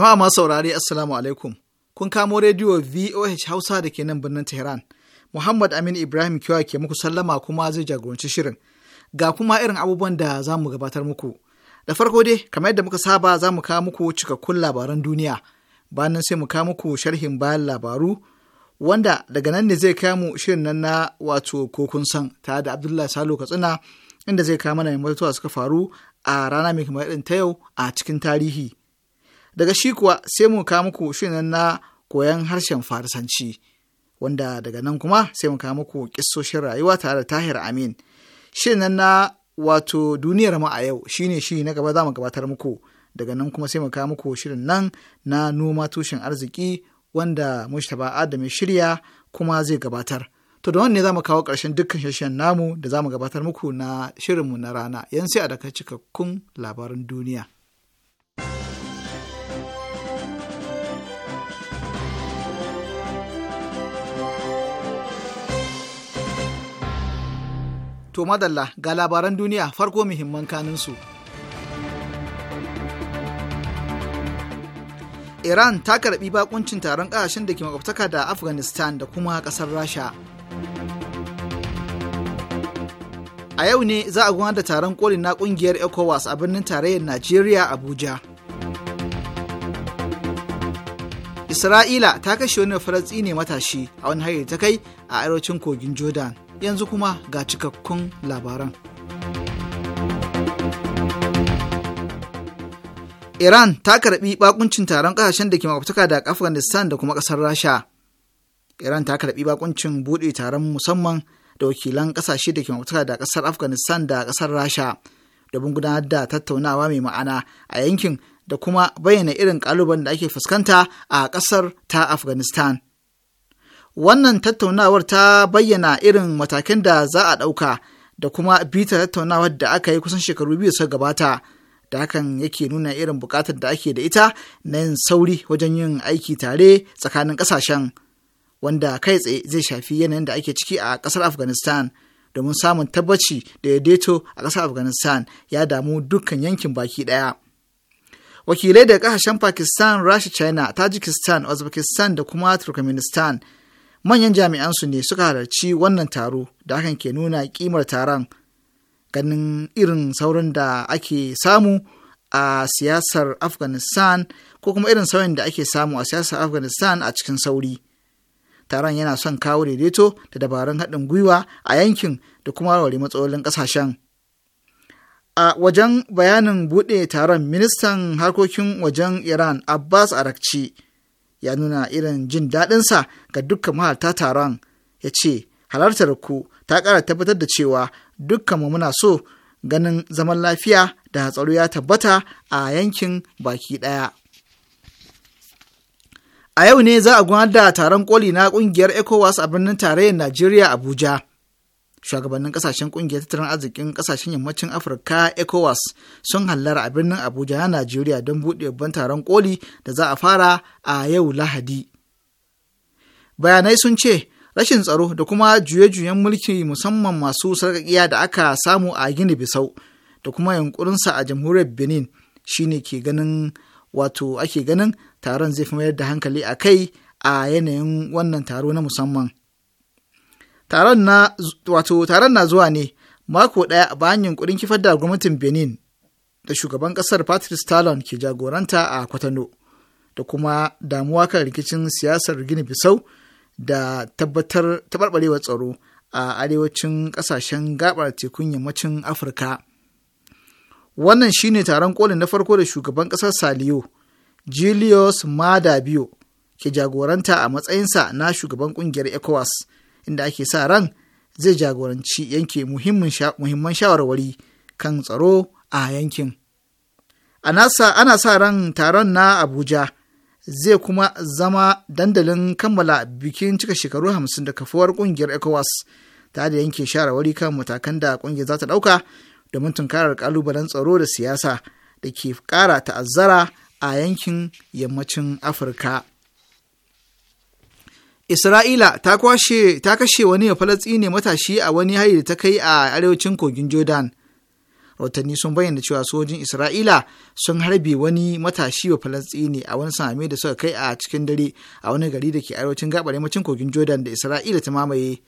Jama'a masu saurari Assalamu alaikum. Kun kamo rediyo VOH Hausa da ke nan birnin Tehran. Muhammad Amin Ibrahim Kiyawa ke muku sallama kuma zai jagoranci shirin. Ga kuma irin abubuwan da za mu gabatar muku. Da farko dai, kamar yadda muka saba za mu kawo muku cikakkun labaran duniya. Bayan sai mu kawo muku sharhin bayan labaru wanda daga nan ne zai kawo mu shirin nan na wato kokun san tare da Abdullahi Salo Katsina inda zai kawo mana mai suka faru a rana mai kamar irin ta yau a cikin tarihi. daga shi kuwa sai mu kawo muku shirin na koyon harshen farisanci wanda daga nan kuma sai mu kawo muku kissoshin rayuwa tare da tahir amin shirin na wato duniyar mu a yau shine shi na gaba za mu gabatar muku daga nan kuma sai mu kawo muku shirin nan na noma tushen arziki wanda Mustapha Adam shirya kuma zai gabatar. To da wannan ne mu kawo ƙarshen dukkan shirin namu da za mu gabatar muku na shirinmu na rana. Yan sai a daga cikakkun labaran duniya. To madalla ga labaran duniya farko muhimman kaninsu. Iran ta karbi bakuncin taron ƙasashen da ke makwabtaka da Afghanistan da kuma ƙasar Rasha. A yau ne za a gudanar da taron koli na ƙungiyar ECOWAS a birnin tarayyar Najeriya Abuja. Isra'ila ta kashe wani ne matashi a wani hari ta kai a arewacin kogin Jordan. yanzu kuma ga cikakkun labaran. Iran ta karbi bakuncin taron ƙasashen da ke makwabtaka da Afghanistan da kuma kasar Rasha. Iran ta karbi bakuncin buɗe taron musamman da wakilan kasashe da ke makwabtaka da kasar Afghanistan da ƙasar Rasha domin gudanar da tattaunawa mai ma'ana a yankin da kuma bayyana irin kaluban da ake fuskanta a ƙasar ta Afghanistan. Wannan tattaunawar ta bayyana irin matakan da za a ɗauka da kuma bita tattaunawar da aka yi kusan shekaru biyu suka gabata. Da hakan yake nuna irin buƙatar da ake da ita na yin sauri wajen yin aiki tare tsakanin ƙasashen. wanda kai tsaye zai shafi yanayin da ake ciki a ƙasar afghanistan domin samun tabbaci da daidaito a ƙasar afghanistan ya damu dukkan yankin baki ɗaya wakilai daga ƙasashen pakistan rasha china tajikistan uzbekistan da kuma turkmenistan manyan jami'ansu ne suka halarci wannan taro da hakan ke nuna kimar taron ganin irin saurin da ake samu a siyasar afghanistan ko kuma irin sauyin da ake samu a siyasar afghanistan a cikin sauri taron yana son kawo daidaito da dabarun haɗin gwiwa a yankin da kuma warware matsalolin ƙasashen a wajen bayanin buɗe taron ministan harkokin wajen iran abbas arakci ya nuna irin jin daɗinsa ga dukkan mahalarta taron ya ce halartar ku ta ƙara tabbatar da cewa dukkanmu muna so ganin zaman lafiya da hatsaro ya tabbata a yankin baki ɗaya. A yau ne za a gudanar da taron koli na ƙungiyar ECOWAS a birnin tarayyar Najeriya Abuja. shugabannin kasashen kungiyar tattalin arzikin kasashen yammacin afirka ecowas sun hallara a birnin abuja na najeriya don buɗe babban taron koli da za a fara a yau lahadi bayanai sun ce rashin tsaro da kuma juye-juyen mulki musamman masu sarkakiya da aka samu a gini bisau da kuma yunkurinsa a jamhuriyar benin shine ke ganin wato ake ganin taron zai fi mayar da hankali a kai a yanayin wannan taro na musamman taron na wato taron na zuwa ne mako ɗaya bayan yunkurin kifar da gwamnatin Benin da shugaban ƙasar Patrice Talon ke jagoranta a Kwatano da kuma damuwa kan rikicin siyasar Gini Bisau da tabbatar taɓarɓarewar tsaro a arewacin ƙasashen gabar tekun yammacin Afirka. Wannan shine taron kolin na farko da shugaban ƙasar Saliyo, Julius Madabio, ke jagoranta a matsayinsa na shugaban ƙungiyar ECOWAS. inda ake sa ran zai jagoranci yanke muhimman shawarwari kan tsaro a yankin. ana sa ran taron na Abuja zai kuma zama dandalin kammala bikin cika shekaru hamsin da kafuwar kungiyar ECOWAS ta da yanke shawarwari kan matakan da kungiyar za ta ɗauka domin tunkarar kalubalen tsaro da siyasa da ke ƙara ta'azzara a yankin yammacin Afirka. Isra'ila ta kwashe ta kashe wani Falastini matashi a wani hari da ta kai a arewacin kogin Jordan. Watanni sun bayyana cewa sojin Isra'ila sun harbe wani matashi wa Falastini a wani same da suka kai a cikin dare a wani gari da ke arewacin gabar yammacin kogin Jordan da Isra'ila ta mamaye.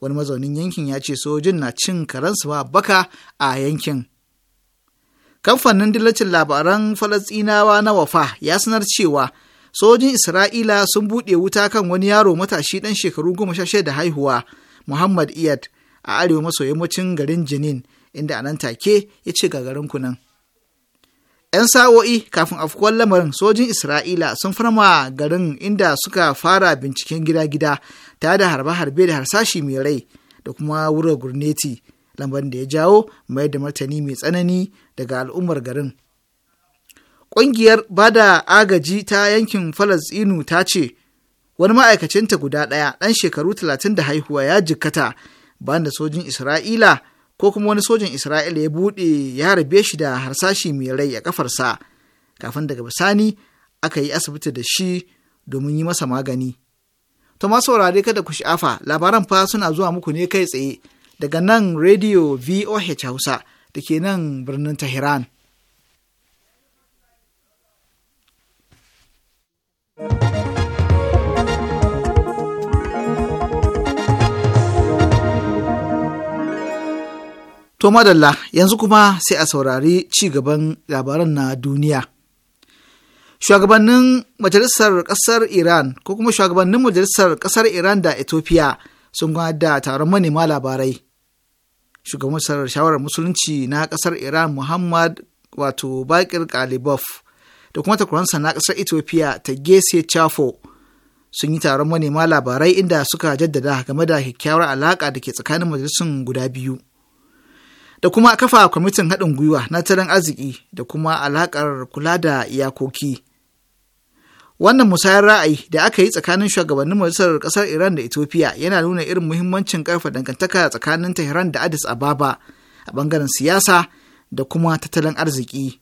Wani mazaunin yankin ya ce sojin na cin karansu ba baka a yankin. Kamfanin dillacin labaran Falastinawa na Wafa ya sanar cewa sojin Isra'ila sun buɗe wuta kan wani yaro matashi ɗan shekaru goma sha da haihuwa, Muhammad Iyad, a arewa maso yammacin garin Jenin, inda a nan take ya ce garin kunan. ‘Yan sa'o'i kafin afkuwar lamarin sojin Isra'ila sun farma garin inda suka fara binciken gida-gida tare da harbe-harbe da harsashi mai rai da kuma wurin gurneti, lambar da ya jawo mai da martani mai tsanani daga al'ummar garin. Ƙungiyar ba da agaji ta yankin Falasɗinu ta ce, wani ma'aikacinta guda ɗaya ɗan shekaru talatin da haihuwa ya jikkata bayan da sojin Isra'ila ko kuma wani sojin Isra'ila ya buɗe ya harbe shi da harsashi mai rai a ƙafarsa, kafin daga bisani aka yi asibiti da shi domin yi masa magani. To kada ku sha'afa labaran fa suna zuwa muku ne kai tsaye daga nan Radio VOH Hausa da ke nan birnin Tehran. To madalla yanzu kuma sai a saurari ci gaban labaran na duniya. Shugabannin majalisar ƙasar Iran ko kuma shugabannin majalisar ƙasar Iran da Ethiopia sun da taron manema labarai. Shugaban shawarar musulunci na ƙasar Iran Muhammad wato Bakir Kalibov da kuma takwaransa na ƙasar Ethiopia ta Gese Chafo sun yi taron manema labarai inda suka jaddada game da kyakkyawar alaƙa da ke tsakanin majalisun guda biyu. da kuma kafa kwamitin haɗin gwiwa na tattalin arziki da kuma alaƙar kula da iyakoki. Wannan musayar ra'ayi da aka yi tsakanin shugabannin majalisar ƙasar Iran da Ethiopia yana nuna irin muhimmancin ƙarfa dangantaka tsakanin Tehran da Addis Ababa a bangaren siyasa da kuma tattalin arziki.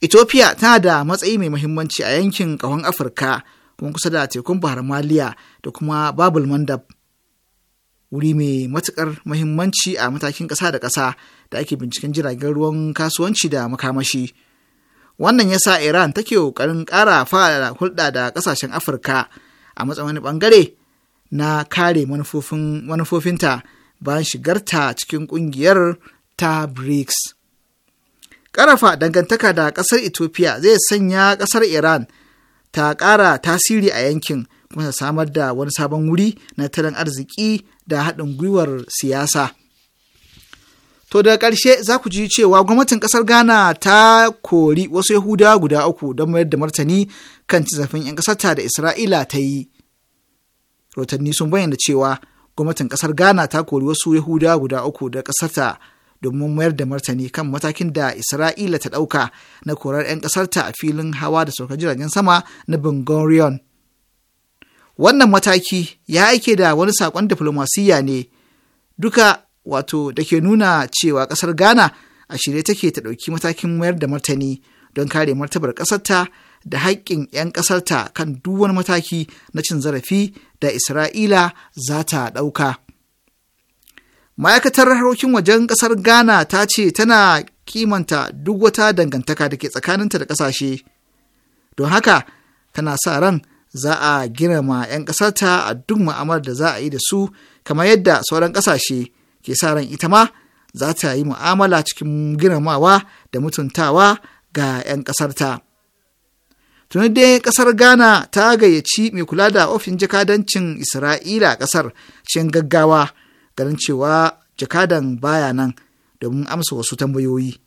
Ethiopia tana da matsayi mai muhimmanci a yankin ƙahon Afirka kuma kusa da tekun Bahar Maliya da kuma Babul Mandab. wuri mai matukar mahimmanci a matakin ƙasa da ƙasa da ake binciken jiragen ruwan kasuwanci da makamashi. Wannan ya sa Iran take ƙoƙarin ƙara fara hulɗa da ƙasashen Afirka a matsayin wani ɓangare na kare manufofinta bayan shigarta cikin ƙungiyar ta BRICS. Ƙarafa dangantaka da ƙasar Ethiopia zai sanya ƙasar Iran ta ƙara tasiri a yankin kuma samar da wani sabon wuri na tattalin arziki da haɗin gwiwar siyasa. To da ƙarshe za ku ji cewa gwamnatin ƙasar Ghana ta kori wasu Yahudawa guda uku don mayar da martani kan zafin 'yan ƙasarta da Isra'ila ta yi. Rotanni sun bayyana cewa gwamnatin ƙasar Ghana ta kori wasu Yahudawa guda uku da ƙasarta domin mayar da martani kan matakin da Isra'ila ta ɗauka na korar 'yan ƙasarta a filin hawa da saukar jiragen sama na Ben wannan mataki ya aike da wani saƙon diflomasiyya ne duka wato da ke nuna cewa ƙasar ghana a shirye take ta ɗauki matakin mayar da martani don kare martabar ƙasarta da haƙƙin 'yan ƙasarta kan duk mataki na cin zarafi da isra'ila za ta ɗauka ma'aikatar harkokin wajen ƙasar ghana ta ce tana kimanta duk wata dangantaka da ke tsakaninta da ƙasashe don haka tana sa ran za a girma 'yan ƙasarta a duk ma'amar da za a yi da su kamar yadda sauran ƙasashe ke sa ran ita ma za ta yi mu'amala cikin girmamawa da mutuntawa ga 'yan ƙasarta. Tuni dai ƙasar Ghana ta gayyaci mai kula da ofin jakadancin Isra'ila ƙasar cikin gaggawa ganin cewa jakadan baya nan domin amsa wasu tambayoyi.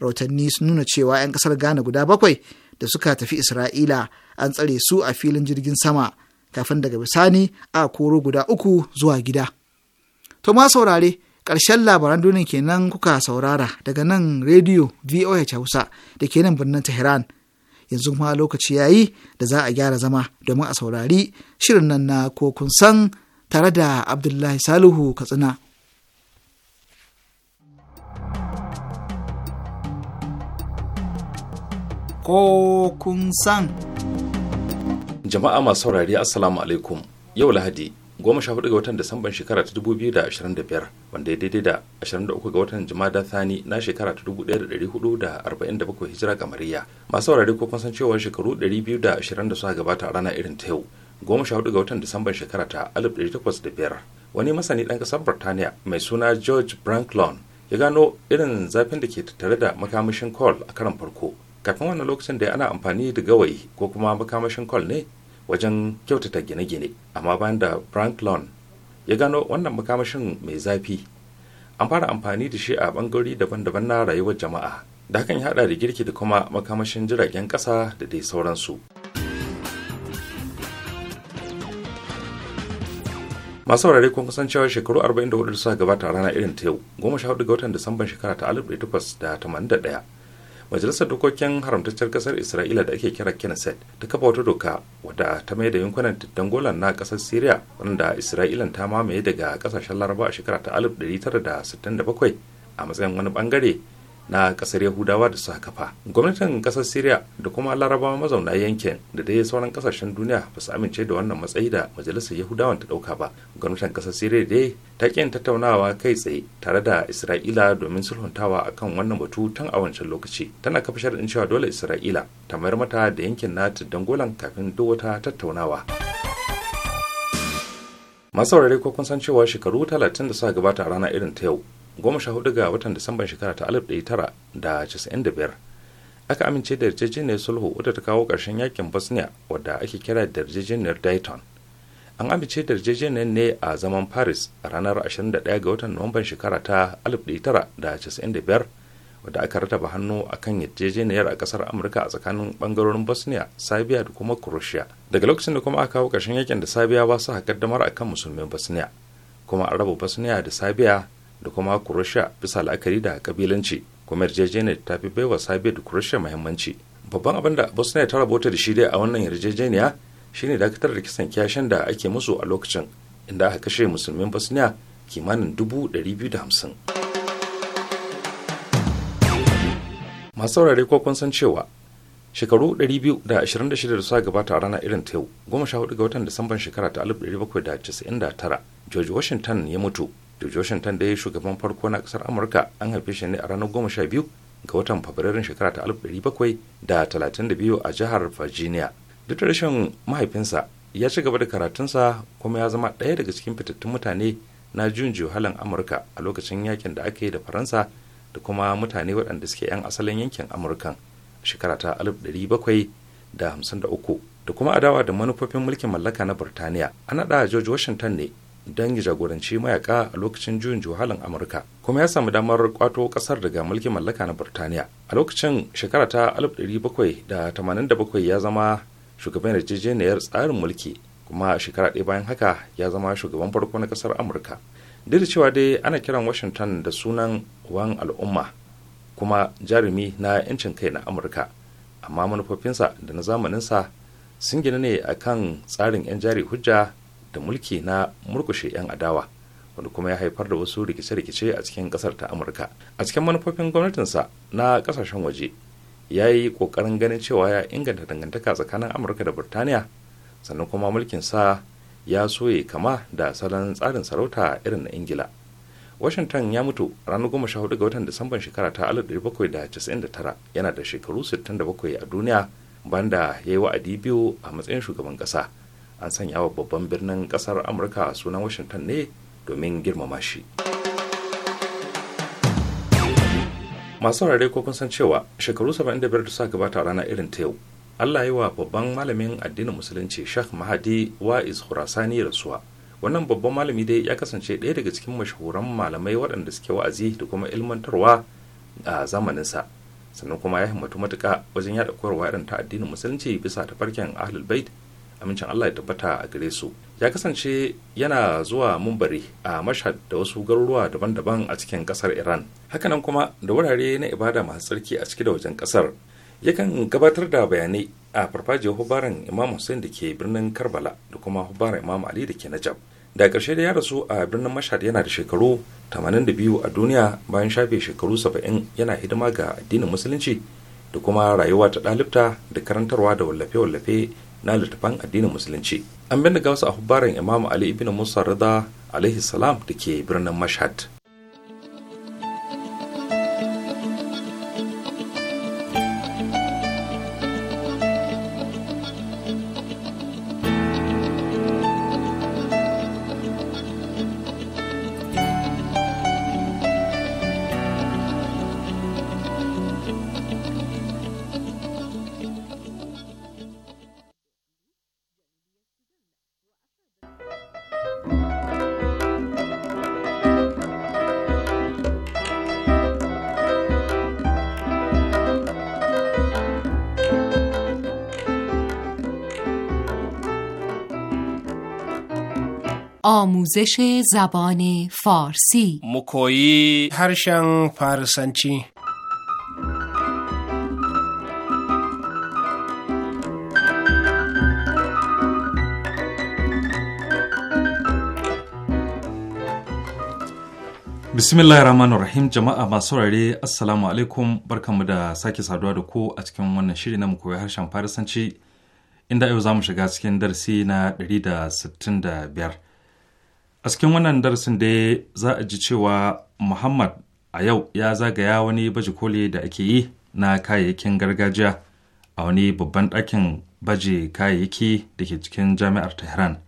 Rahotanni sun nuna cewa 'yan ƙasar Ghana guda bakwai da suka tafi Isra'ila an tsare su a filin jirgin sama kafin daga bisani a koro guda uku zuwa gida. To ma saurare ƙarshen labaran duniya kenan kuka saurara daga nan rediyo VOH Hausa da ke nan birnin Tehran. Yanzu kuma lokaci ya yi da za a gyara zama domin a saurari shirin nan na ko kun san tare da Abdullahi Salihu Katsina. ko kun san. Jama'a masu saurari Assalamu alaikum yau Lahadi goma sha hudu ga watan Disamban shekara ta dubu biyu da ashirin da biyar wanda ya daidai da ashirin da uku ga watan Jumada Thani na shekara ta dubu ɗaya da ɗari hudu da arba'in da bakwai hijira kamariya masu saurari ko kun san cewa shekaru ɗari biyu da ashirin da suka gabata a rana irin ta yau goma sha hudu ga watan Disamban shekara ta alif ɗari takwas da biyar wani masani ɗan ƙasar Birtaniya mai suna George Branklon ya gano irin zafin da ke tattare da makamashin Cole a karan farko kafin wannan lokacin da ana amfani da gawayi ko kuma makamashin kwal ne wajen kyautata gine-gine amma bayan da brantlon ya gano wannan makamashin mai zafi an fara amfani da shi a bangarori daban-daban na rayuwar jama'a da hakan ya hada da girki da kuma makamashin jiragen kasa da dai sauransu masu saurare kun kusan cewa shekaru 44 da suka gabata rana irin ta yau 14 ga watan disamban shekara ta 1881 majalisar dokokin haramtaccen kasar isra'ila da ake kira kenneth ta kafa wata doka wadda ta mai da yankunan tuddan na kasar syria wanda isra'ila ta mamaye daga kasashen laraba a shekara ta 1967 a matsayin wani bangare na kasar yahudawa da suka kafa gwamnatin kasar syria da kuma larabawa mazauna yankin da dai sauran kasashen duniya ba su amince da wannan matsayi da majalisar yahudawan ta dauka ba gwamnatin kasar syria dai ta kin tattaunawa kai tsaye tare da isra'ila domin sulhuntawa akan wannan batu tun a wancan lokaci tana kafa sharadin cewa dole isra'ila ta mayar mata da yankin nata dangolan kafin duk wata tattaunawa masu saurare ko kun san cewa shekaru talatin da suka gabata a rana irin ta yau goma sha hudu ga watan disamban shekara ta alif ɗaya tara da casa'in da biyar aka amince da yarjejeniyar sulhu wadda ta kawo ƙarshen yakin bosnia wadda ake kira da yarjejeniyar dayton an amince da yarjejeniyar ne a zaman paris a ranar 21 ga watan nuwamban shekara ta biyar wadda aka rataba hannu a kan yarjejeniyar a kasar amurka a tsakanin ɓangarorin bosnia sabiya da kuma croatia daga lokacin da kuma aka kawo ƙarshen yakin da sabiya ba su haƙaddamar a kan musulmin bosnia kuma a raba bosnia da sabiya da kuma kurusha bisa la'akari da kabilanci kuma yarjejeniyar ta fi baiwa sabiyar da kurusha muhimmanci babban abin da bosnia ta rabota da shi dai a wannan yarjejeniya shine dakatar da kisan kyashin da ake musu a lokacin inda aka kashe musulmin bosnia kimanin dubu ɗari biyu da hamsin masu saurare ko kun san cewa shekaru 226 da suka gabata a rana irin ta yau 14 ga watan disamban shekara ta 1799 george washington ya mutu george washington yi shugaban farko na kasar amurka an haife shi ne a ranar goma sha biyu ga watan fabrairun shekara ta alif ɗari bakwai da talatin da biyu a jihar virginia duk da rashin mahaifinsa ya ci gaba da karatunsa kuma ya zama ɗaya daga cikin fitattun mutane na jun halin amurka a lokacin yakin da aka yi da faransa da kuma mutane waɗanda suke 'yan asalin yankin amurkan shekara ta 1753 da kuma adawa da manufofin mulkin mallaka na birtaniya an naɗa george washington ne don ya jagoranci mayaka a lokacin juyin juhalin amurka kuma ya samu damar kwato kasar daga mulkin mallaka na burtaniya a lokacin shekara ta 1787 ya zama shugaban yarjejeniyar tsarin mulki kuma shekara ɗaya bayan haka ya zama shugaban farko na kasar amurka duk da cewa dai ana kiran washington da sunan wan al'umma kuma jarumi na 'yancin kai na amurka amma manufofinsa da na zamaninsa sun gina ne a kan tsarin 'yan jari hujja da mulki na murkushe 'yan adawa wanda kuma ya haifar da wasu rikice-rikice a cikin kasar ta amurka a cikin manufofin gwamnatinsa na kasashen waje ya yi kokarin ganin cewa ya inganta dangantaka tsakanin amurka da burtaniya sannan kuma mulkin sa ya soye kama da salon tsarin sarauta irin na ingila washington ya mutu ranar 14 ga watan disamban shekara ta da tara yana da shekaru 67 a duniya banda ya yi wa'adi biyu a matsayin shugaban ƙasa. an sanya wa babban birnin kasar amurka sunan washington ne domin girmama shi masu rare ko kun san cewa shekaru 75 da suka gabata rana irin ta yau allah yi wa babban malamin addinin musulunci shah mahadi wa'iz khurasani rasuwa wannan babban malami dai ya kasance ɗaya daga cikin mashahuran malamai waɗanda suke wa'azi da kuma ilmantarwa a zamaninsa sannan kuma ya himmatu matuka wajen yaɗa koyarwa irin ta addinin musulunci bisa tafarkin ahlul bait amincin Allah ya tabbata a gare su ya kasance yana zuwa mumbari a mashad da wasu garuruwa daban-daban a cikin kasar Iran hakanan kuma da wurare na ibada masu tsarki a ciki da wajen kasar yakan gabatar da bayanai a farfajiyar hubaran Imam Hussein da ke birnin Karbala da kuma hubaran Imam Ali da ke najab da ƙarshe da ya rasu a birnin mashad yana da shekaru 82 a duniya bayan shafe shekaru 70 yana hidima ga addinin musulunci da kuma rayuwa ta ɗalibta da karantarwa da wallafe-wallafe na littafan addinin musulunci an bindiga wasu a hubbaran imamu ali ibn musa rida alaihi salam da ke birnin mashhad آموزش زبان فارسی مکویی هرشن فارسنچی Bismillahir Rahmanir Rahim jama'a masu saurare Assalamu alaikum barkanmu da sake saduwa da ku a cikin wannan shiri na mu koyi harshen Farisanci inda yau za mu shiga cikin darasi na 165 A cikin wannan darasin dai za a ji cewa Muhammad a yau ya zagaya wani baje koli da ake yi na kayayyakin gargajiya a wani babban ɗakin baje kayayyaki da ke cikin jami'ar Tehran,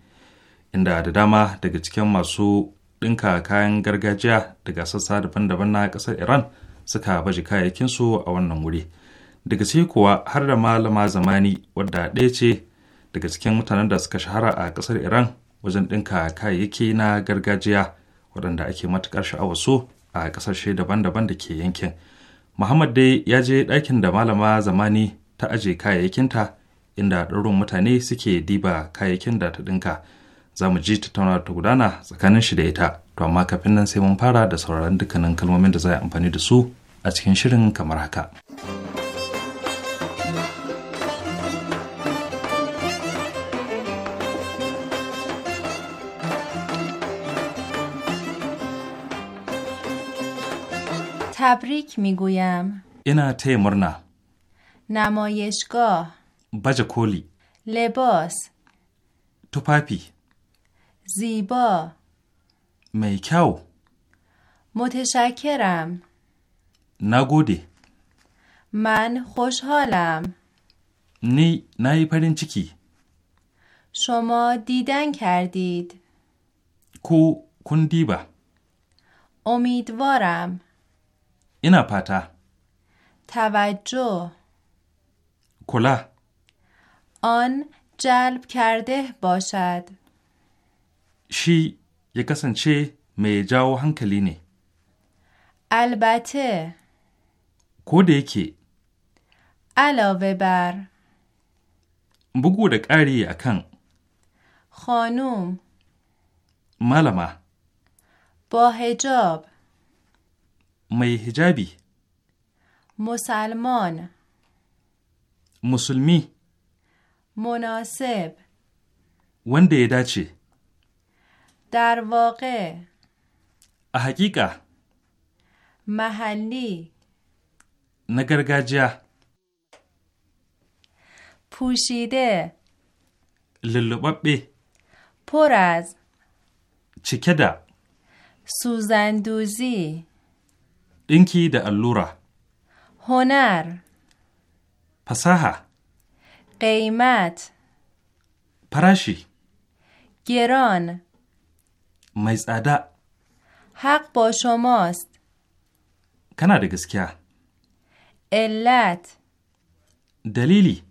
inda da dama daga cikin masu ɗinka kayan gargajiya daga sassa daban-daban na ƙasar Iran suka baje kayayyakinsu a wannan wuri. Daga ciki kuwa har da malama zamani wadda ɗaya ce daga cikin mutanen da suka shahara a ƙasar Iran wajen ɗinka kayayyaki na gargajiya waɗanda ake matuƙar sha'awar su a ƙasashe daban-daban da ke yankin muhammad dai ya je ɗakin da malama zamani ta aje kayayyakinta inda ɗaurin mutane suke diba kayayyakin da ta ɗinka za mu ji tattauna ta gudana tsakanin shi da ita to amma kafin nan sai mun fara da sauraron dukkanin kalmomin da za a amfani da su a cikin shirin kamar haka. تبریک میگویم اینا ته مرنا نمایشگاه بج کولی لباس توپاپی زیبا میکاو متشکرم نگودی من خوشحالم نی نی پرین چکی شما دیدن کردید کو کندیبا امیدوارم اینا پتا توجه کلا آن جلب کرده باشد شی یکسن چه می جاو هنکلی نی. البته کوده که علاوه بر بگو da ƙari اکن خانوم ملما با هجاب mai hijabi musulman musulmi munasib wanda ya dace dar a hakika mahalli na gargajiya fushide lullubabbe poraz cike da suzanduzi دینکی ده اللوره هنر پساها قیمت پراشی گران ادا حق با شماست کنا ده گسکیا علت دلیلی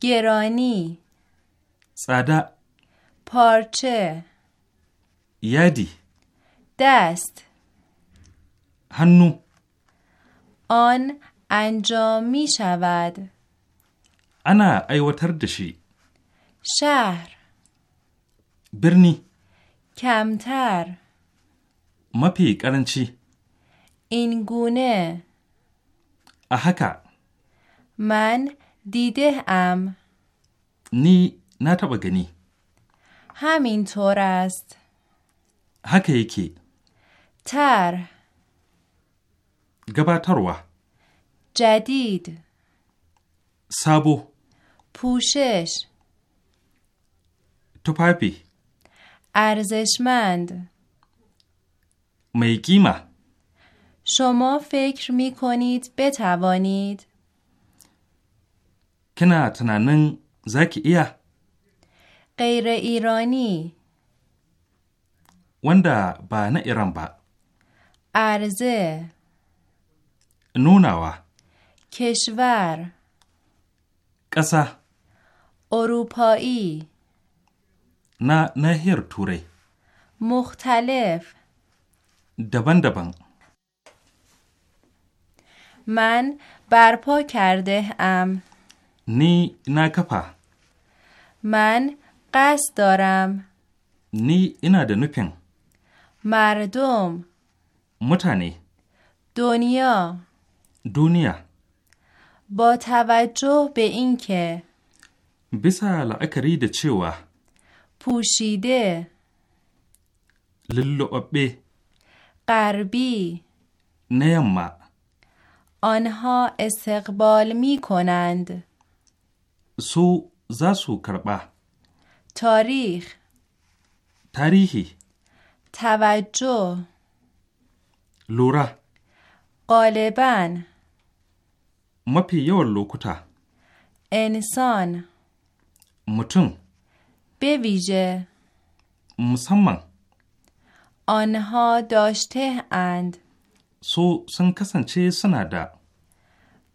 گرانی سادا، پارچه یادی دست هنو آن انجام می شود انا ایوتر دشی شهر برنی کمتر مپی کرنچی این گونه احکا من دیده ام نی نتبا گنی همینطور است حکه یکی تر gabatarwa jadid sabo pushesh tufafi arzishmand mai kima shoma fikir mikonit betawanid kina tunanin zaki iya ƙaira irani wanda ba na iran ba Arze. nunawa keshwar ƙasa Orupa'i. na nahiyar turai Mukhtalif. daban-daban man barpo karde am ni na kafa man ƙas daram ni ina da nufin mardum mutane duniya دنیا با توجه به اینکه بس لعکری ده چوا پوشیده للعبه غربی نیما آنها استقبال می کنند سو زاسو کربا تاریخ تاریخی توجه لوره غالبا mafi یور لوکتا انسان متن به ویژه آنها داشته اند سو سن کسن سنا دا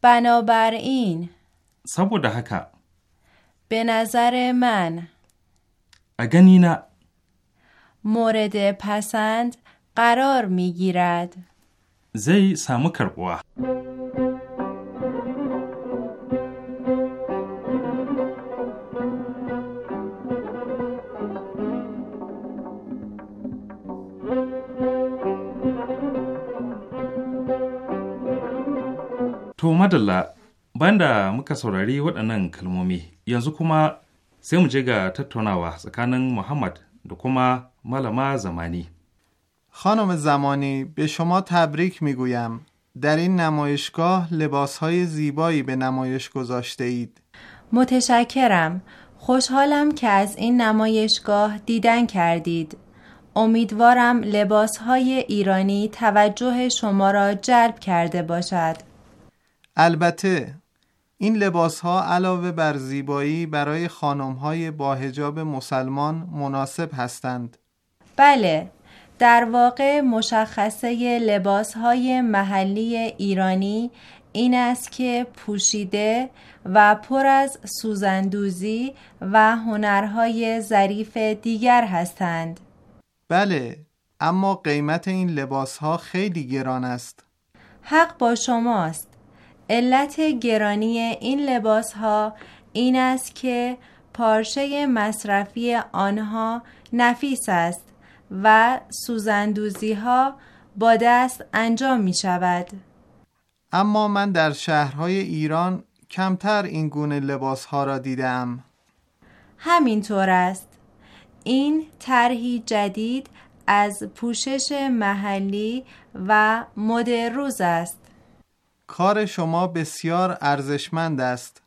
بنابراین سبوده haka به نظر من اگنینا مورد پسند قرار می گیرد zai samu karɓuwa. To madalla banda muka saurari waɗannan kalmomi yanzu kuma sai mu je ga tattaunawa tsakanin Muhammad da kuma malama zamani. خانم زمانی به شما تبریک میگویم در این نمایشگاه لباسهای زیبایی به نمایش گذاشته اید متشکرم خوشحالم که از این نمایشگاه دیدن کردید امیدوارم لباسهای ایرانی توجه شما را جلب کرده باشد البته این لباس ها علاوه بر زیبایی برای خانم های با حجاب مسلمان مناسب هستند بله در واقع مشخصه لباس های محلی ایرانی این است که پوشیده و پر از سوزندوزی و هنرهای ظریف دیگر هستند. بله، اما قیمت این لباس ها خیلی گران است. حق با شماست. علت گرانی این لباس ها این است که پارچه مصرفی آنها نفیس است و سوزندوزی ها با دست انجام می شود. اما من در شهرهای ایران کمتر این گونه لباس ها را دیدم. همینطور است. این طرحی جدید از پوشش محلی و مد روز است. کار شما بسیار ارزشمند است.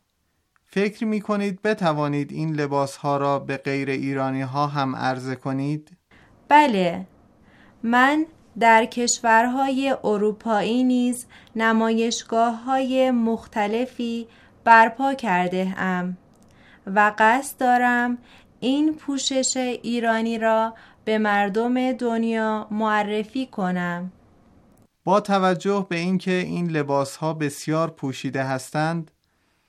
فکر می کنید بتوانید این لباس ها را به غیر ایرانی ها هم عرضه کنید؟ بله من در کشورهای اروپایی نیز نمایشگاه های مختلفی برپا کرده ام و قصد دارم این پوشش ایرانی را به مردم دنیا معرفی کنم با توجه به اینکه این لباس ها بسیار پوشیده هستند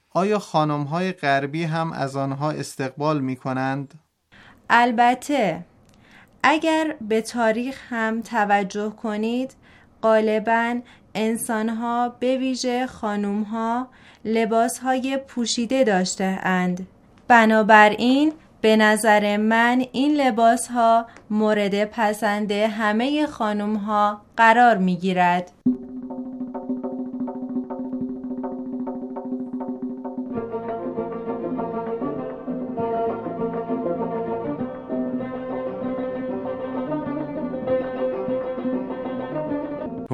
آیا خانم غربی هم از آنها استقبال می کنند؟ البته اگر به تاریخ هم توجه کنید غالبا انسانها به ویژه لباس لباسهای پوشیده داشته اند. بنابراین به نظر من این لباس ها مورد پسند همه خانم ها قرار می گیرد.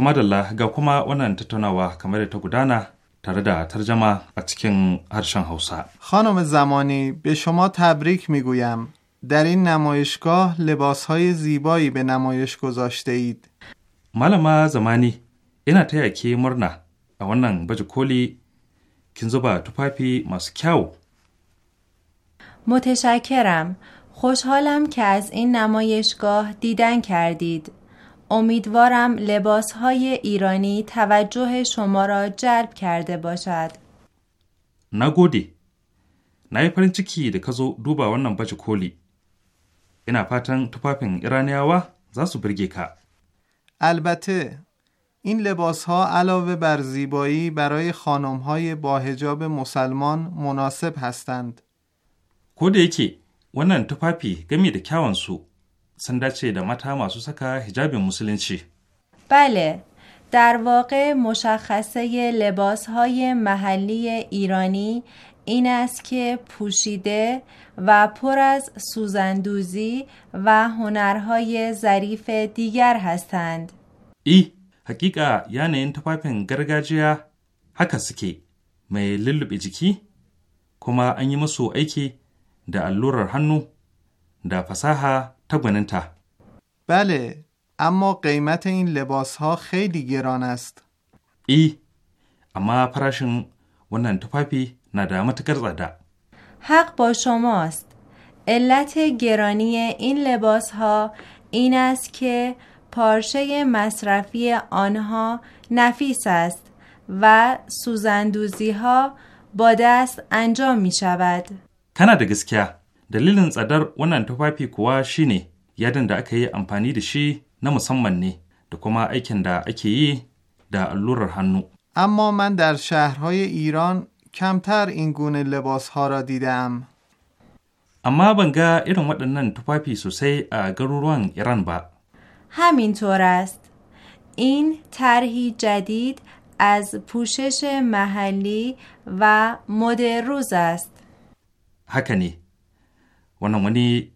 madalla ga kuma wannan tattaunawa kamar da ta gudana tare da tarjama a cikin harshen Hausa. خانم زمانی به شما تبریک میگویم. در این نمایشگاه لباسهای زیبایی به نمایش گذاشته اید. malama zamani ina taya ke murna a wannan baje koli kin zuba tufafi masu kyau متشکرم خوشحالم که از این نمایشگاه دیدن کردید امیدوارم لباسهای ایرانی توجه شما را جلب کرده باشد. نگودی. نای پرین چکی ده کزو دوبا ونم بچه کولی. اینا پاتن ایرانی آوا زاسو برگی که. البته این لباس ها علاوه بر زیبایی برای خانم های با هجاب مسلمان مناسب هستند. کودکی ونن توپاپی گمی که سو sun dace da mata masu saka hijabin musulunci. بله در واقع مشخصه لباس های محلی ایرانی این است که پوشیده و پر از سوزندوزی و هنرهای ظریف دیگر هستند. ای حقیقا یعنی این تفافین گرگاجیا haka suke mai lullube jiki kuma an yi masu aiki da allurar hannu da fasaha تا بله اما قیمت این لباس ها خیلی گران است ای اما پراشن ونن تفافی ندامت حق با شماست علت گرانی این لباس ها این است که پارچه مصرفی آنها نفیس است و سوزندوزی ها با دست انجام می شود. کنه دگست که؟ اما من در شهرهای ایران کمتر این گونه لباس ها را دیدم اما بنگا ایران با همینطور است این طرحی جدید از پوشش محلی و مد روز است هکنی wannan wani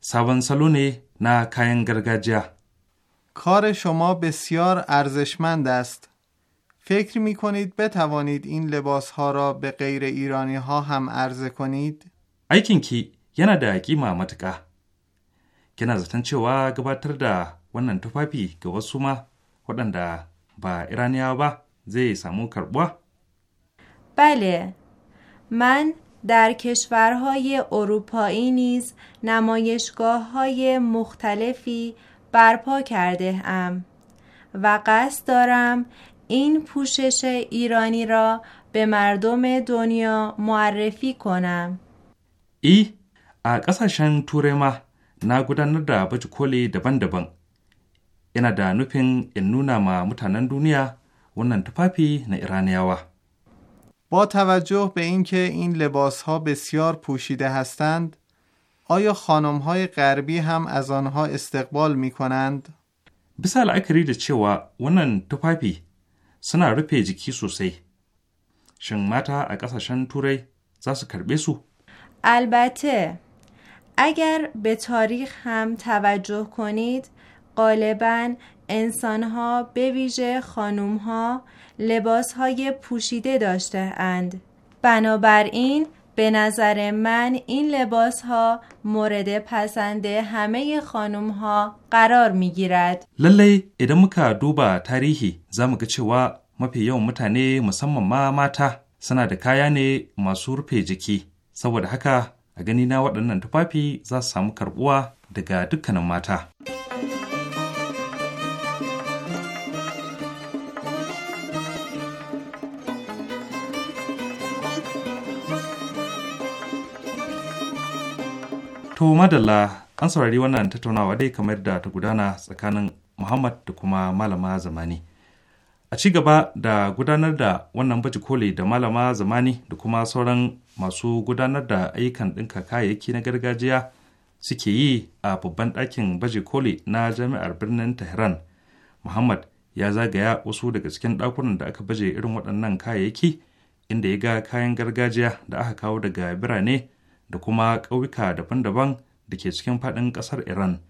sabon salo ne کار شما بسیار ارزشمند است. فکر می کنید بتوانید این لباس ها را به غیر ایرانی ها هم عرضه کنید؟ ای کنکی یه نده اگی ما مدگه. که نزدن چه واگ با ترده ونن تو پاپی که خودنده با ایرانی ها با زی سامو با بله من در کشورهای اروپایی نیز نمایشگاه های مختلفی برپا کرده و قصد دارم این پوشش ایرانی را به مردم دنیا معرفی کنم ای قصاشن توره ما نگودن ندا بچ کلی دبن دبن اینا دا این نونا ما متانن دونیا ونن تپاپی نه ایرانیاوه با توجه به اینکه این لباس ها بسیار پوشیده هستند آیا خانم های غربی هم از آنها استقبال می کنند؟ بسا لعکری da cewa wannan tufafi suna جکی سوسی sosai. ماتا ا a توری البته اگر به تاریخ هم توجه کنید غالبا انسان ها به ویژه خانوم ها لباس های پوشیده داشته اند. بنابراین به نظر من این لباس ها مورد پسند همه خانوم ها قرار می گیرد. للی ادامه که دوبا تاریخی زمه که و مپی یوم متانه مسمم ما ماتا سنه ده کایانه مسور پیجکی سوا حکا اگنی ناوات نن تپاپی زا سامو کربوا دگا دکنم ماتا. Thank you. To madalla an saurari wannan tattaunawa dai kamar da ta gudana tsakanin Muhammad da kuma malama zamani. A ci gaba da gudanar da wannan Baji koli da malama zamani da kuma sauran masu gudanar da ayyukan ɗinka kayayyaki na gargajiya suke yi a babban ɗakin Baji koli na jami'ar birnin Tehran. Muhammad ya zagaya wasu daga cikin ɗakunan da aka baje irin waɗannan kayayyaki inda ya ga kayan gargajiya da aka kawo daga birane da kuma ƙauyuka daban-daban da ke cikin faɗin ƙasar Iran.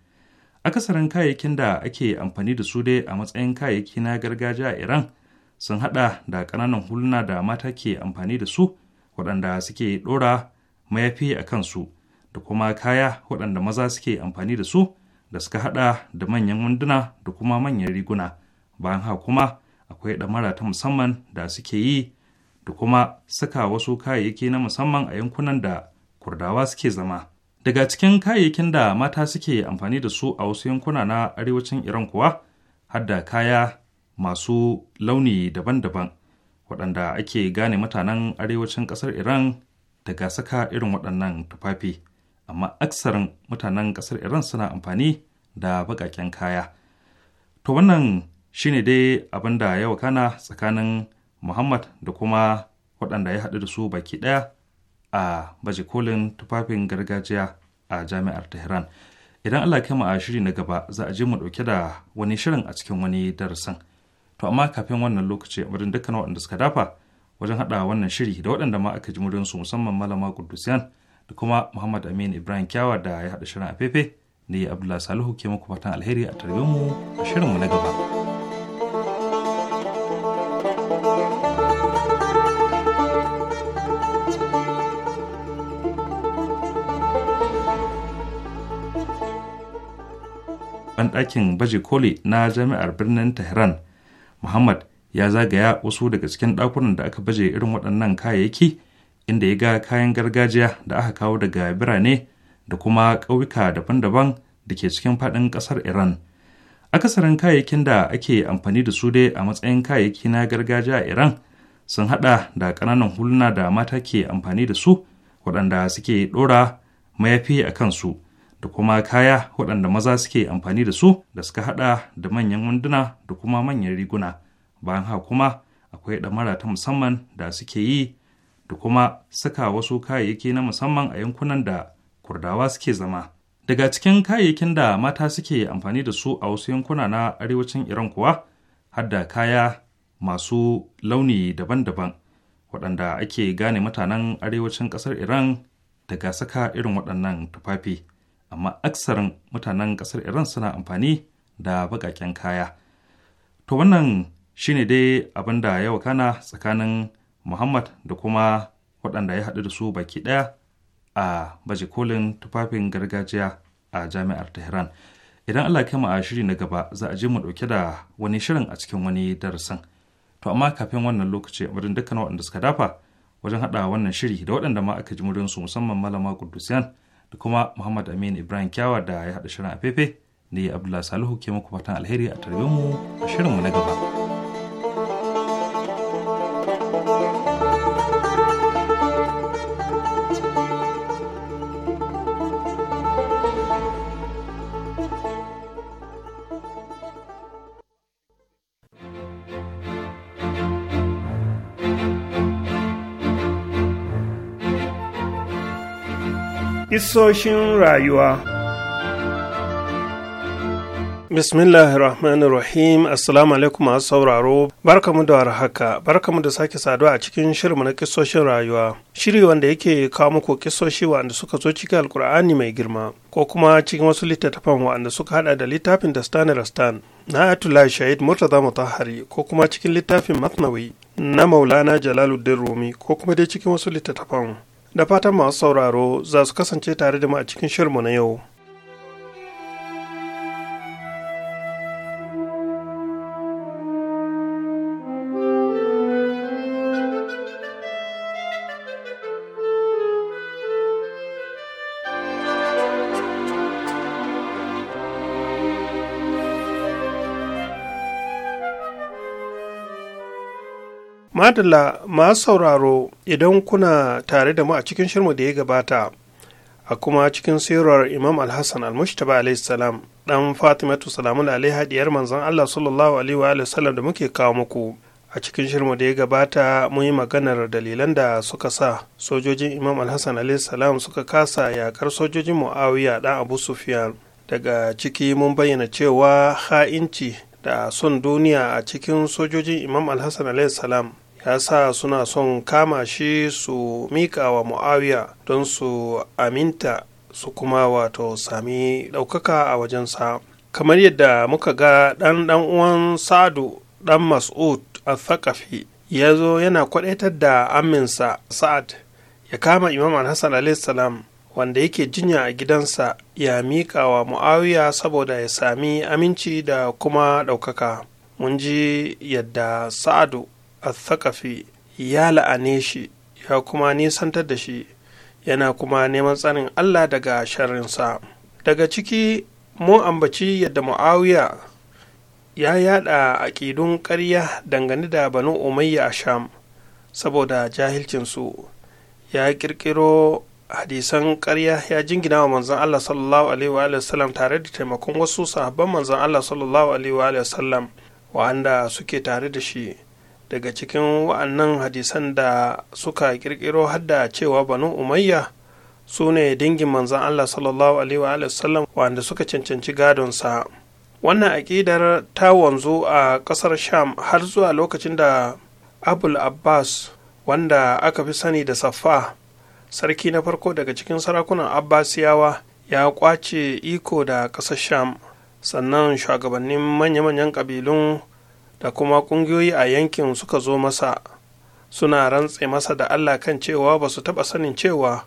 Akasarin kayayyakin da ake amfani da su dai a matsayin kayayyaki na gargajiya a Iran sun haɗa da ƙananan huluna da mata ke amfani da su waɗanda suke ɗora mayafi a kansu da kuma kaya waɗanda maza suke amfani da su da suka haɗa da manyan wanduna da kuma manyan riguna. Bayan haka kuma akwai ɗamara ta musamman da suke yi da kuma saka wasu kayayyaki na musamman a yankunan da kurdawa suke zama daga cikin kayayyakin da mata suke amfani da su a wasu yankuna na arewacin iran kuwa har da kaya masu launi daban-daban waɗanda ake gane mutanen arewacin ƙasar iran daga saka irin waɗannan tufafi amma aksarin mutanen ƙasar iran suna amfani da baƙaƙen kaya to wannan shi ne dai abin da ya wakana tsakanin muhammad da kuma waɗanda ya haɗu da su baki ɗaya a baje kolin tufafin gargajiya a jami'ar tehran idan allah kama a shiri na gaba za a je mu ɗauke da wani shirin a cikin wani darasin to amma kafin wannan lokaci murin dukkan waɗanda suka dafa wajen haɗa wannan shiri da waɗanda ma aka ji murinsu musamman malama kudusiyan da kuma muhammad Aminu ibrahim kyawa da ya haɗa shirin a fefe ne abdullahi salihu ke muku fatan alheri a tarbe mu a mu na gaba. ɗan ɗakin baje koli na jami'ar birnin tehran muhammad ya zagaya wasu daga cikin ɗakunan da aka baje irin waɗannan kayayyaki inda ya ga kayan gargajiya da aka kawo daga birane da kuma ƙauyuka daban-daban da ke cikin faɗin ƙasar iran akasarin kayayyakin da ake amfani da su dai a matsayin kayayyaki na gargajiya a iran sun haɗa da ƙananan huluna da mata ke amfani da su waɗanda suke ɗora mayafi a kansu da kuma kaya waɗanda maza suke amfani da su da suka haɗa da manyan wanduna da kuma manyan riguna bayan haka kuma akwai ɗamara ta musamman da suke yi da kuma saka wasu kayayyaki na musamman a yankunan da kurdawa suke zama daga cikin kayayyakin da mata suke amfani da su a wasu yankuna na arewacin iran kuwa har da kaya masu launi daban-daban waɗanda ake gane mutanen arewacin ƙasar iran daga saka irin waɗannan tufafi amma aksarin mutanen kasar iran suna amfani da baƙaƙen kaya to wannan shine dai abin da ya wakana tsakanin muhammad da kuma waɗanda ya haɗu da su baki ɗaya a baje kolin tufafin gargajiya a jami'ar tehran idan allah kai a shiri na gaba za a je mu ɗauke da wani shirin a cikin wani darasin to amma kafin wannan lokaci a dukkan waɗanda suka dafa wajen haɗa wannan shiri da waɗanda ma aka ji murinsu musamman malama kudusiyan da kuma muhammad amin ibrahim kyawa da ya haɗa shirin a fefe ne abdullahi salihu ke muku fatan alheri a tarbe a shirinmu na gaba. Kisoshin rayuwa Rahim Assalamu alaikum masu sauraro barkamu da warhaka barkamu da sake saduwa a cikin shirinmu na kisoshin rayuwa shiri wanda yake kawo muku kisoshi wanda suka zo cikin alkur'ani mai girma ko kuma cikin wasu littattafan wanda suka hada da littafin da stan rastan na atula shahid murtaza mutahari ko kuma cikin littafin matnawi na maulana jalaluddin rumi ko kuma dai cikin wasu littattafan da fatan masu sauraro za su kasance tare da mu a cikin shirmu na yau Madalla masu sauraro idan kuna tare da mu a cikin shirmu da ya gabata, a kuma cikin sirar Imam Alhassan Almushtaba alaihi salam dan Fatimatu salamun alaiha diyar manzon Allah sallallahu alaihi wa sallam da muke kawo muku. A cikin shirmu da ya gabata mun yi maganar dalilan da suka sa sojojin Imam Alhassan alaihi salam suka kasa yakar sojojin Muawiya dan Abu Sufyan. Daga ciki mun bayyana cewa ha'inci da son duniya a cikin sojojin Imam Alhassan alaihi salam ya sa suna son kama shi su miƙa wa mu'awiya don su aminta su kuma wato sami ɗaukaka a wajensa kamar yadda muka ga ɗan ɗan uwan sadu ɗan mas'ud al-thaqafi ya zo yana kwaɗaitar da aminsa sa'ad ya kama imam al-hassan salam wanda yake jinya a gidansa ya miƙa wa mu'awiya saboda ya sami aminci da kuma ɗaukaka mun ji yadda sa'adu al-thaqafi ya la'ane shi ya kuma nisantar da shi yana kuma neman tsanin Allah daga sharrinsa daga ciki mun ambaci yadda mu'awiya ya yada aƙidun ƙarya dangane da banu umayya a sham saboda jahilcinsu ya ƙirƙiro hadisan ƙarya ya jingina wa manzan Allah sallallahu alaihi wa sallam tare da taimakon wasu sahabban manzan Allah sallallahu alaihi wa sallam wa'anda suke tare da shi daga cikin wa'annan hadisan da suka kirkiro hadda cewa banu umayya su ne dingin manzan allah sallallahu alaihi wa sallam wanda suka cancanci gadonsa wannan aƙidar ta wanzu a ƙasar sham har zuwa lokacin da abul abbas wanda aka fi sani da saffa sarki na farko daga cikin sarakunan abbasiyawa ya kwace iko da ƙasar sham sannan shugabannin manya-manyan ƙabilun da kuma ƙungiyoyi a yankin suka zo masa suna rantse masa da Allah kan cewa ba su taɓa sanin cewa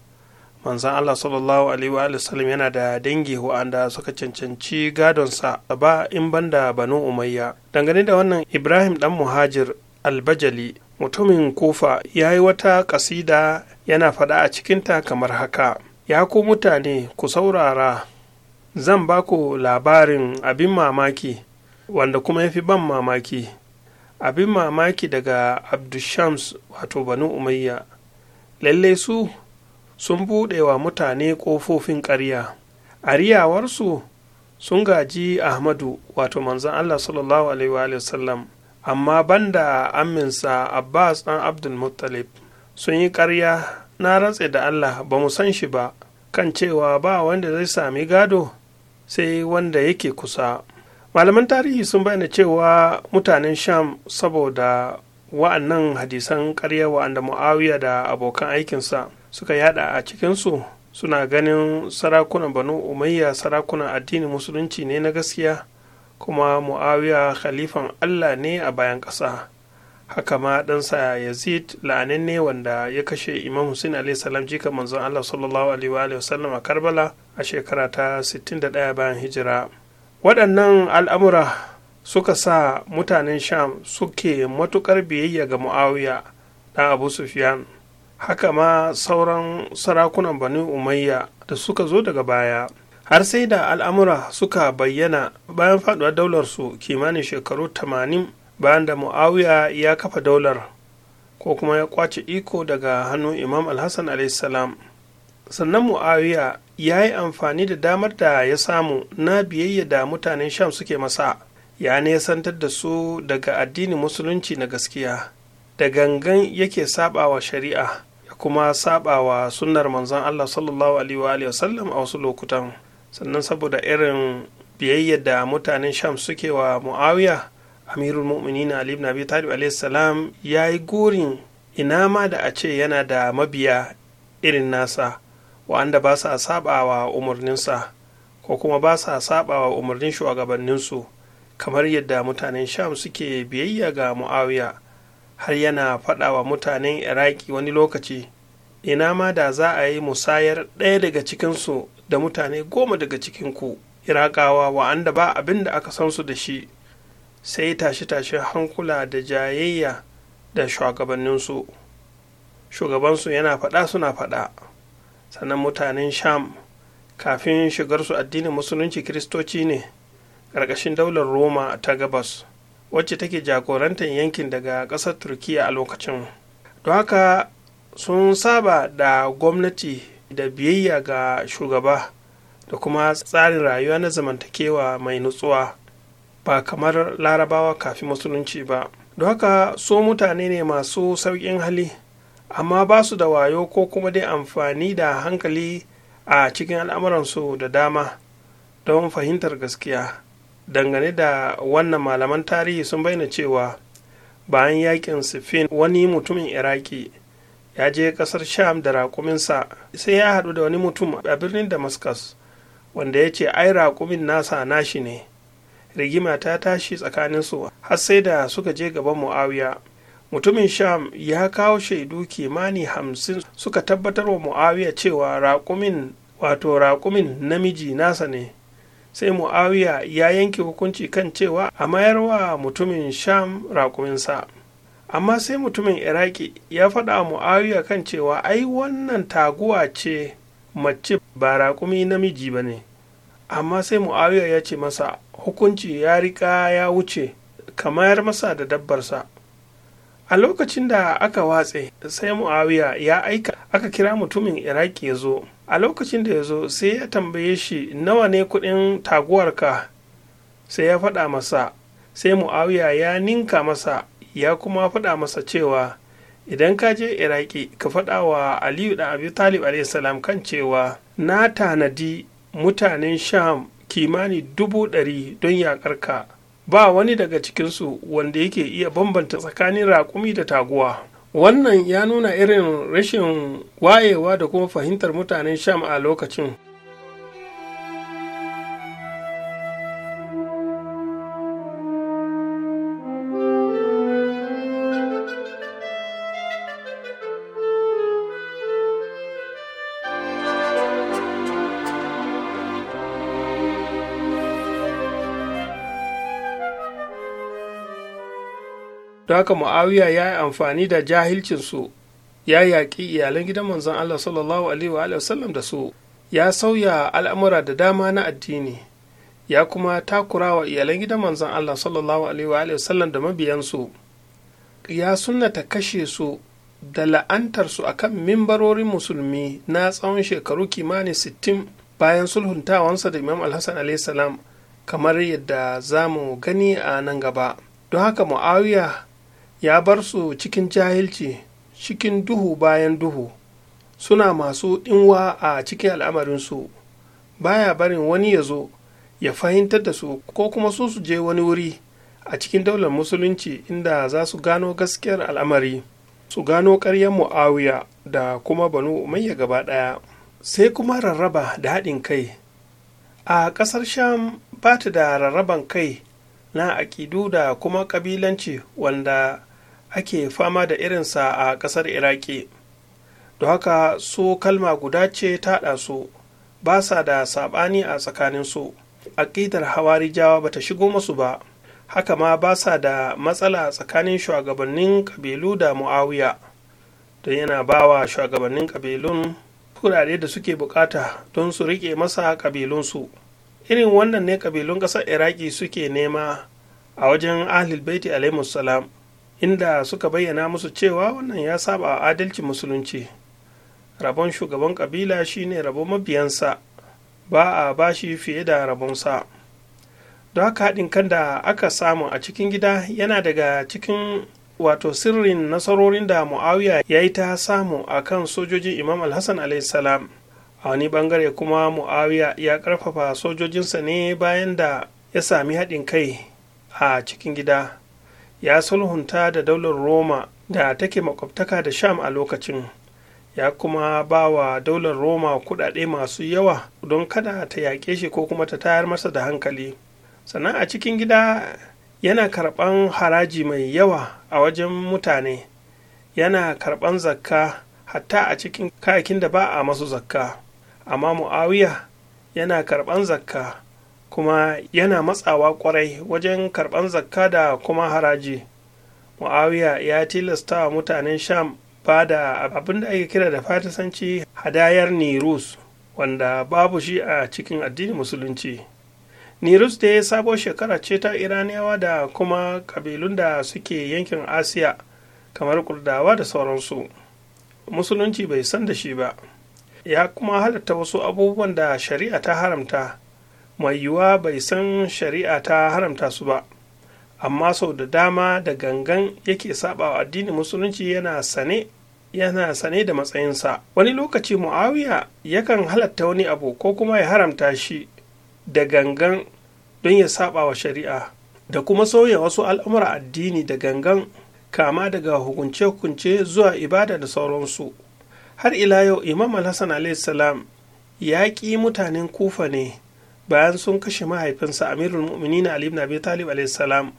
manzan Allah sallallahu alaihi wa sallam yana da dangi wa'anda suka cancanci gadonsa ba in banda banu umayya dangane da wannan ibrahim dan muhajir albajali mutumin kufa ya yi wata kasida yana faɗa a cikinta kamar haka ya ku mutane ku saurara zan baku labarin abin mamaki wanda kuma ya fi ban mamaki abin mamaki daga abdushams wato banu umayya lalle su sun buɗe wa mutane ƙofofin ƙarya a riyawarsu sun gaji ahmadu wato manzan allah sallallahu alaihi wasallam amma banda aminsa abbas ɗan abdulmuttalib sun yi ƙarya na ratse da allah ba mu san shi ba kan cewa ba wanda zai sami gado sai wanda yake kusa malaman tarihi sun bayyana cewa mutanen sham saboda wa'annan hadisan karya wa'anda mu'awiya da abokan aikinsa suka yada a cikinsu suna ganin sarakunan banu umayya sarakunan addinin musulunci ne na gaskiya kuma mu'awiya khalifan allah ne a bayan ƙasa haka ma ɗansa yazid ne wanda ya kashe imam hussein alayhi salam jika manzon allah sallallahu alaihi wa sallam a karbala a shekara ta 61 bayan hijira waɗannan al'amura suka sa mutanen sham suke matuƙar biyayya ga mu'awiya na abu sufyan haka ma sauran sarakunan bani umayya da suka zo daga baya har sai da al'amura suka bayyana bayan faɗuwar daularsu kimanin shekaru 80 bayan da mu'awiya ya kafa daular ko kuma ya kwace iko daga hannun imam alhassan salam sannan mu'awiya ya yi amfani da damar da ya samu na biyayya da mutanen sham suke masa ya nesantar da su daga addinin musulunci na gaskiya da gangan yake sabawa shari'a ya kuma sabawa sunnar manzon Allah sallallahu alaihi wa sallam a wasu lokutan sannan saboda irin biyayya da mutanen sham suke wa mu'awiya amirul mu'minin ali ibn abi talib alaihi salam ya yi gurin ina ma da a ce yana da mabiya irin nasa wa'anda ba sa sabawa umarninsa ko kuma ba sa sabawa umarnin shugabanninsu kamar yadda mutanen sham suke biyayya ga mu'awiya har yana faɗawa mutanen iraki wani lokaci ina ma da za a yi musayar ɗaya daga cikinsu da mutane goma daga cikinku irakawa wa'anda ba abin da aka san su da shi sai tashe-tashen hankula da jayayya da shugabanninsu shugabansu yana faɗa suna faɗa sannan mutanen sham kafin shigar su addinin musulunci kiristoci ne ƙarƙashin daular roma ta gabas wacce take jagorantar yankin daga ƙasar turkiya a lokacin don haka sun saba da gwamnati da biyayya ga shugaba da kuma tsarin rayuwa na zamantakewa mai nutsuwa ba kamar larabawa kafin musulunci ba don haka so mutane ne masu sauƙin hali amma ba su da wayo ko kuma dai amfani da hankali a cikin al'amuransu da dama don fahimtar gaskiya dangane da wannan malaman tarihi sun bayyana cewa bayan yakin sifin wani mutumin iraki ya je kasar sham da raƙuminsa sai ya haɗu da wani mutum a birnin damascus wanda ya ce ai raƙumin nasa nashi ne rigima ta tashi tsakaninsu har sai da suka je gaban muawiya mutumin sham ya kawo shaidu kimani hamsin suka tabbatar wa mu'awiya cewa raƙumin wato raƙumin namiji nasa ne sai mu'awiya ya yanke hukunci kan cewa a mayar wa mutumin sham raƙuminsa amma sai mutumin iraki ya faɗa mu'awiya kan cewa ai wannan taguwa ce mace ba raƙumi namiji ba ne amma sai mu'awiya ya ce masa hukunci ya riƙa ya wuce ka mayar masa da dabbarsa a lokacin da aka watse sai muawiya ya aika aka kira mutumin iraki ya zo a lokacin da ya zo sai ya tambaye shi nawa ne kuɗin taguwarka sai ya faɗa masa sai muawiya ya ninka masa ya kuma faɗa masa cewa idan ka je iraki ka faɗa wa aliyu da abu talib salam kan cewa na tanadi mutanen sham kimani dubu ɗari don yaƙarka ba wani daga cikinsu wanda yake iya bambanta tsakanin raƙumi da taguwa wannan ya nuna irin rashin wayewa da kuma fahimtar mutanen sham a lokacin don haka mu'awiya ya yi amfani da jahilcinsu ya yaƙi iyalan gidan manzon Allah sallallahu alaihi wa sallam da su ya sauya al'amura da dama na addini ya kuma takura wa iyalan gidan manzon Allah sallallahu alaihi wa sallam da mabiyansu ya sunnata kashe su da la'antarsu a kan mimbarorin musulmi na tsawon shekaru kimanin sittin bayan sulhuntawansa da imam alhassan salam kamar yadda za mu gani a nan gaba don haka mu'awiya ya bar su cikin jahilci cikin duhu bayan duhu suna masu ɗinwa a cikin al'amarinsu baya barin wani ya zo ya fahimtar da su ko kuma su su je wani wuri a cikin daular musulunci inda za su gano gaskiyar al'amari su gano ƙaryar mu'awiya da kuma banu umayya gaba ɗaya sai kuma rarraba da haɗin kai a ƙasar sham ba ta da rarraban kai na aƙidu da kuma ƙabilanci wanda ake fama da irinsa a ƙasar iraki da haka su kalma guda ce ta haɗa su ba sa da saɓani a tsakaninsu aƙidar hawarijawa ba ta shigo masu ba haka ma ba sa da matsala tsakanin shugabannin ƙabilu da mu'awiya don yana ba wa shugabannin ƙabilun kurare da suke bukata don su riƙe masa ƙabilunsu irin wannan ne ƙabilun ƙasar iraki suke nema a wajen ahlul baiti alaihi salam inda suka bayyana musu cewa wannan ya saba a adalcin musulunci rabon shugaban kabila shine rabo mabiyansa ba a bashi fiye da rabonsa don haka haɗin kan da aka samu a cikin gida yana daga cikin wato sirrin nasarorin da muawiya ya yi ta samu a kan sojojin imam alhassan salam a wani bangare kuma muawiya ya ƙarfafa sojojinsa ne bayan da ya sami haɗin kai a cikin gida ya sulhunta da daular roma da take makwabtaka da sham a lokacin ya kuma ba wa daular roma kuɗaɗe masu yawa don kada ta yaƙe shi ko kuma ta tayar masa da hankali sannan a cikin gida yana karɓan haraji mai yawa a wajen mutane yana karɓan zakka hatta a cikin kayakin da ba a masu zakka amma mu'awiya yana karɓan zakka kuma yana matsawa kwarai wajen karɓan zakka da kuma haraji muawiya ya tilasta wa mutanen sham ba da abin da ake kira da fatisanci hadayar nirus wanda babu shi a cikin addinin musulunci nirus da ya sabo shekara ce ta iraniyawa da kuma kabilun da suke yankin asiya kamar kurdawa da sauransu musulunci bai san da shi ba ya kuma halatta wasu abubuwan da shari'a ta haramta mai yiwuwa bai san shari'a ta haramta su ba amma sau da dama da gangan yake sabawa addini musulunci yana sane yana sane da matsayinsa wani lokaci muawiya yakan halatta wani abu ko kuma ya haramta shi da gangan don ya saba wa shari'a da kuma sauya wasu al'amura addini da gangan kama daga hukunce-hukunce zuwa ibada da sauransu har ila yau imam al-hassan ya ki mutanen kufa ne bayan sun kashe mahaifinsa amirul mu'minin ali ibn abi talib salam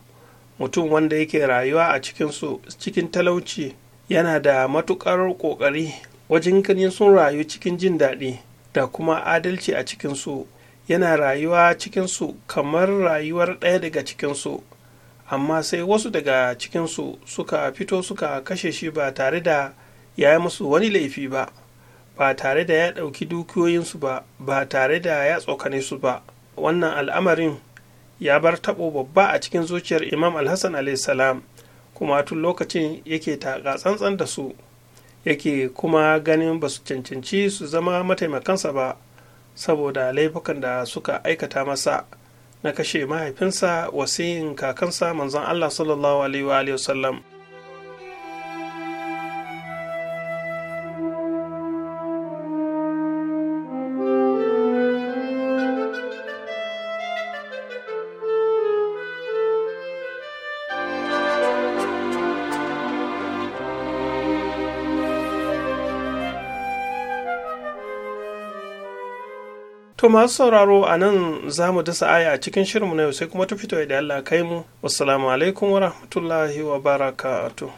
mutum wanda yake rayuwa a cikinsu cikin talauci yana da matukar kokari wajen ganin sun rayu cikin jin daɗi da kuma adalci a cikin su yana rayuwa cikin su kamar rayuwar ɗaya daga cikin su amma sai wasu daga cikin su suka fito suka kashe shi ba tare da ya yi musu wani laifi ba ba tare da ya ɗauki dukiyoyinsu ba ba tare da ya tsokane su ba wannan al'amarin ya bar taɓo babba a cikin zuciyar imam alhassan salam kuma tun lokacin yake taƙa tsantsan da su yake kuma ganin ba su cancanci su zama mataimakansa ba saboda laifukan da suka aikata masa na kashe mahaifinsa wasiyin kakansa manzon allah sallallahu alaihi wa sallam To masu sauraro a nan za mu dasa aya a cikin shirinmu na yau sai kuma ta fito da Allah kai mu. Wassalamu alaikum wa rahmatullahi wa barakatuh.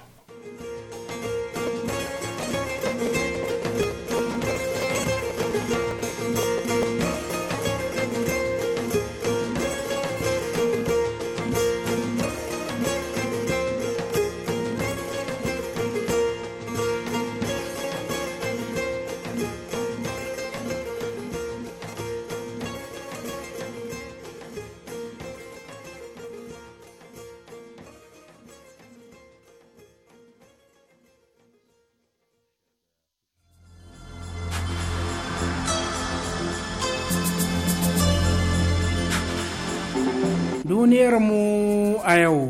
duniyarmu a yau.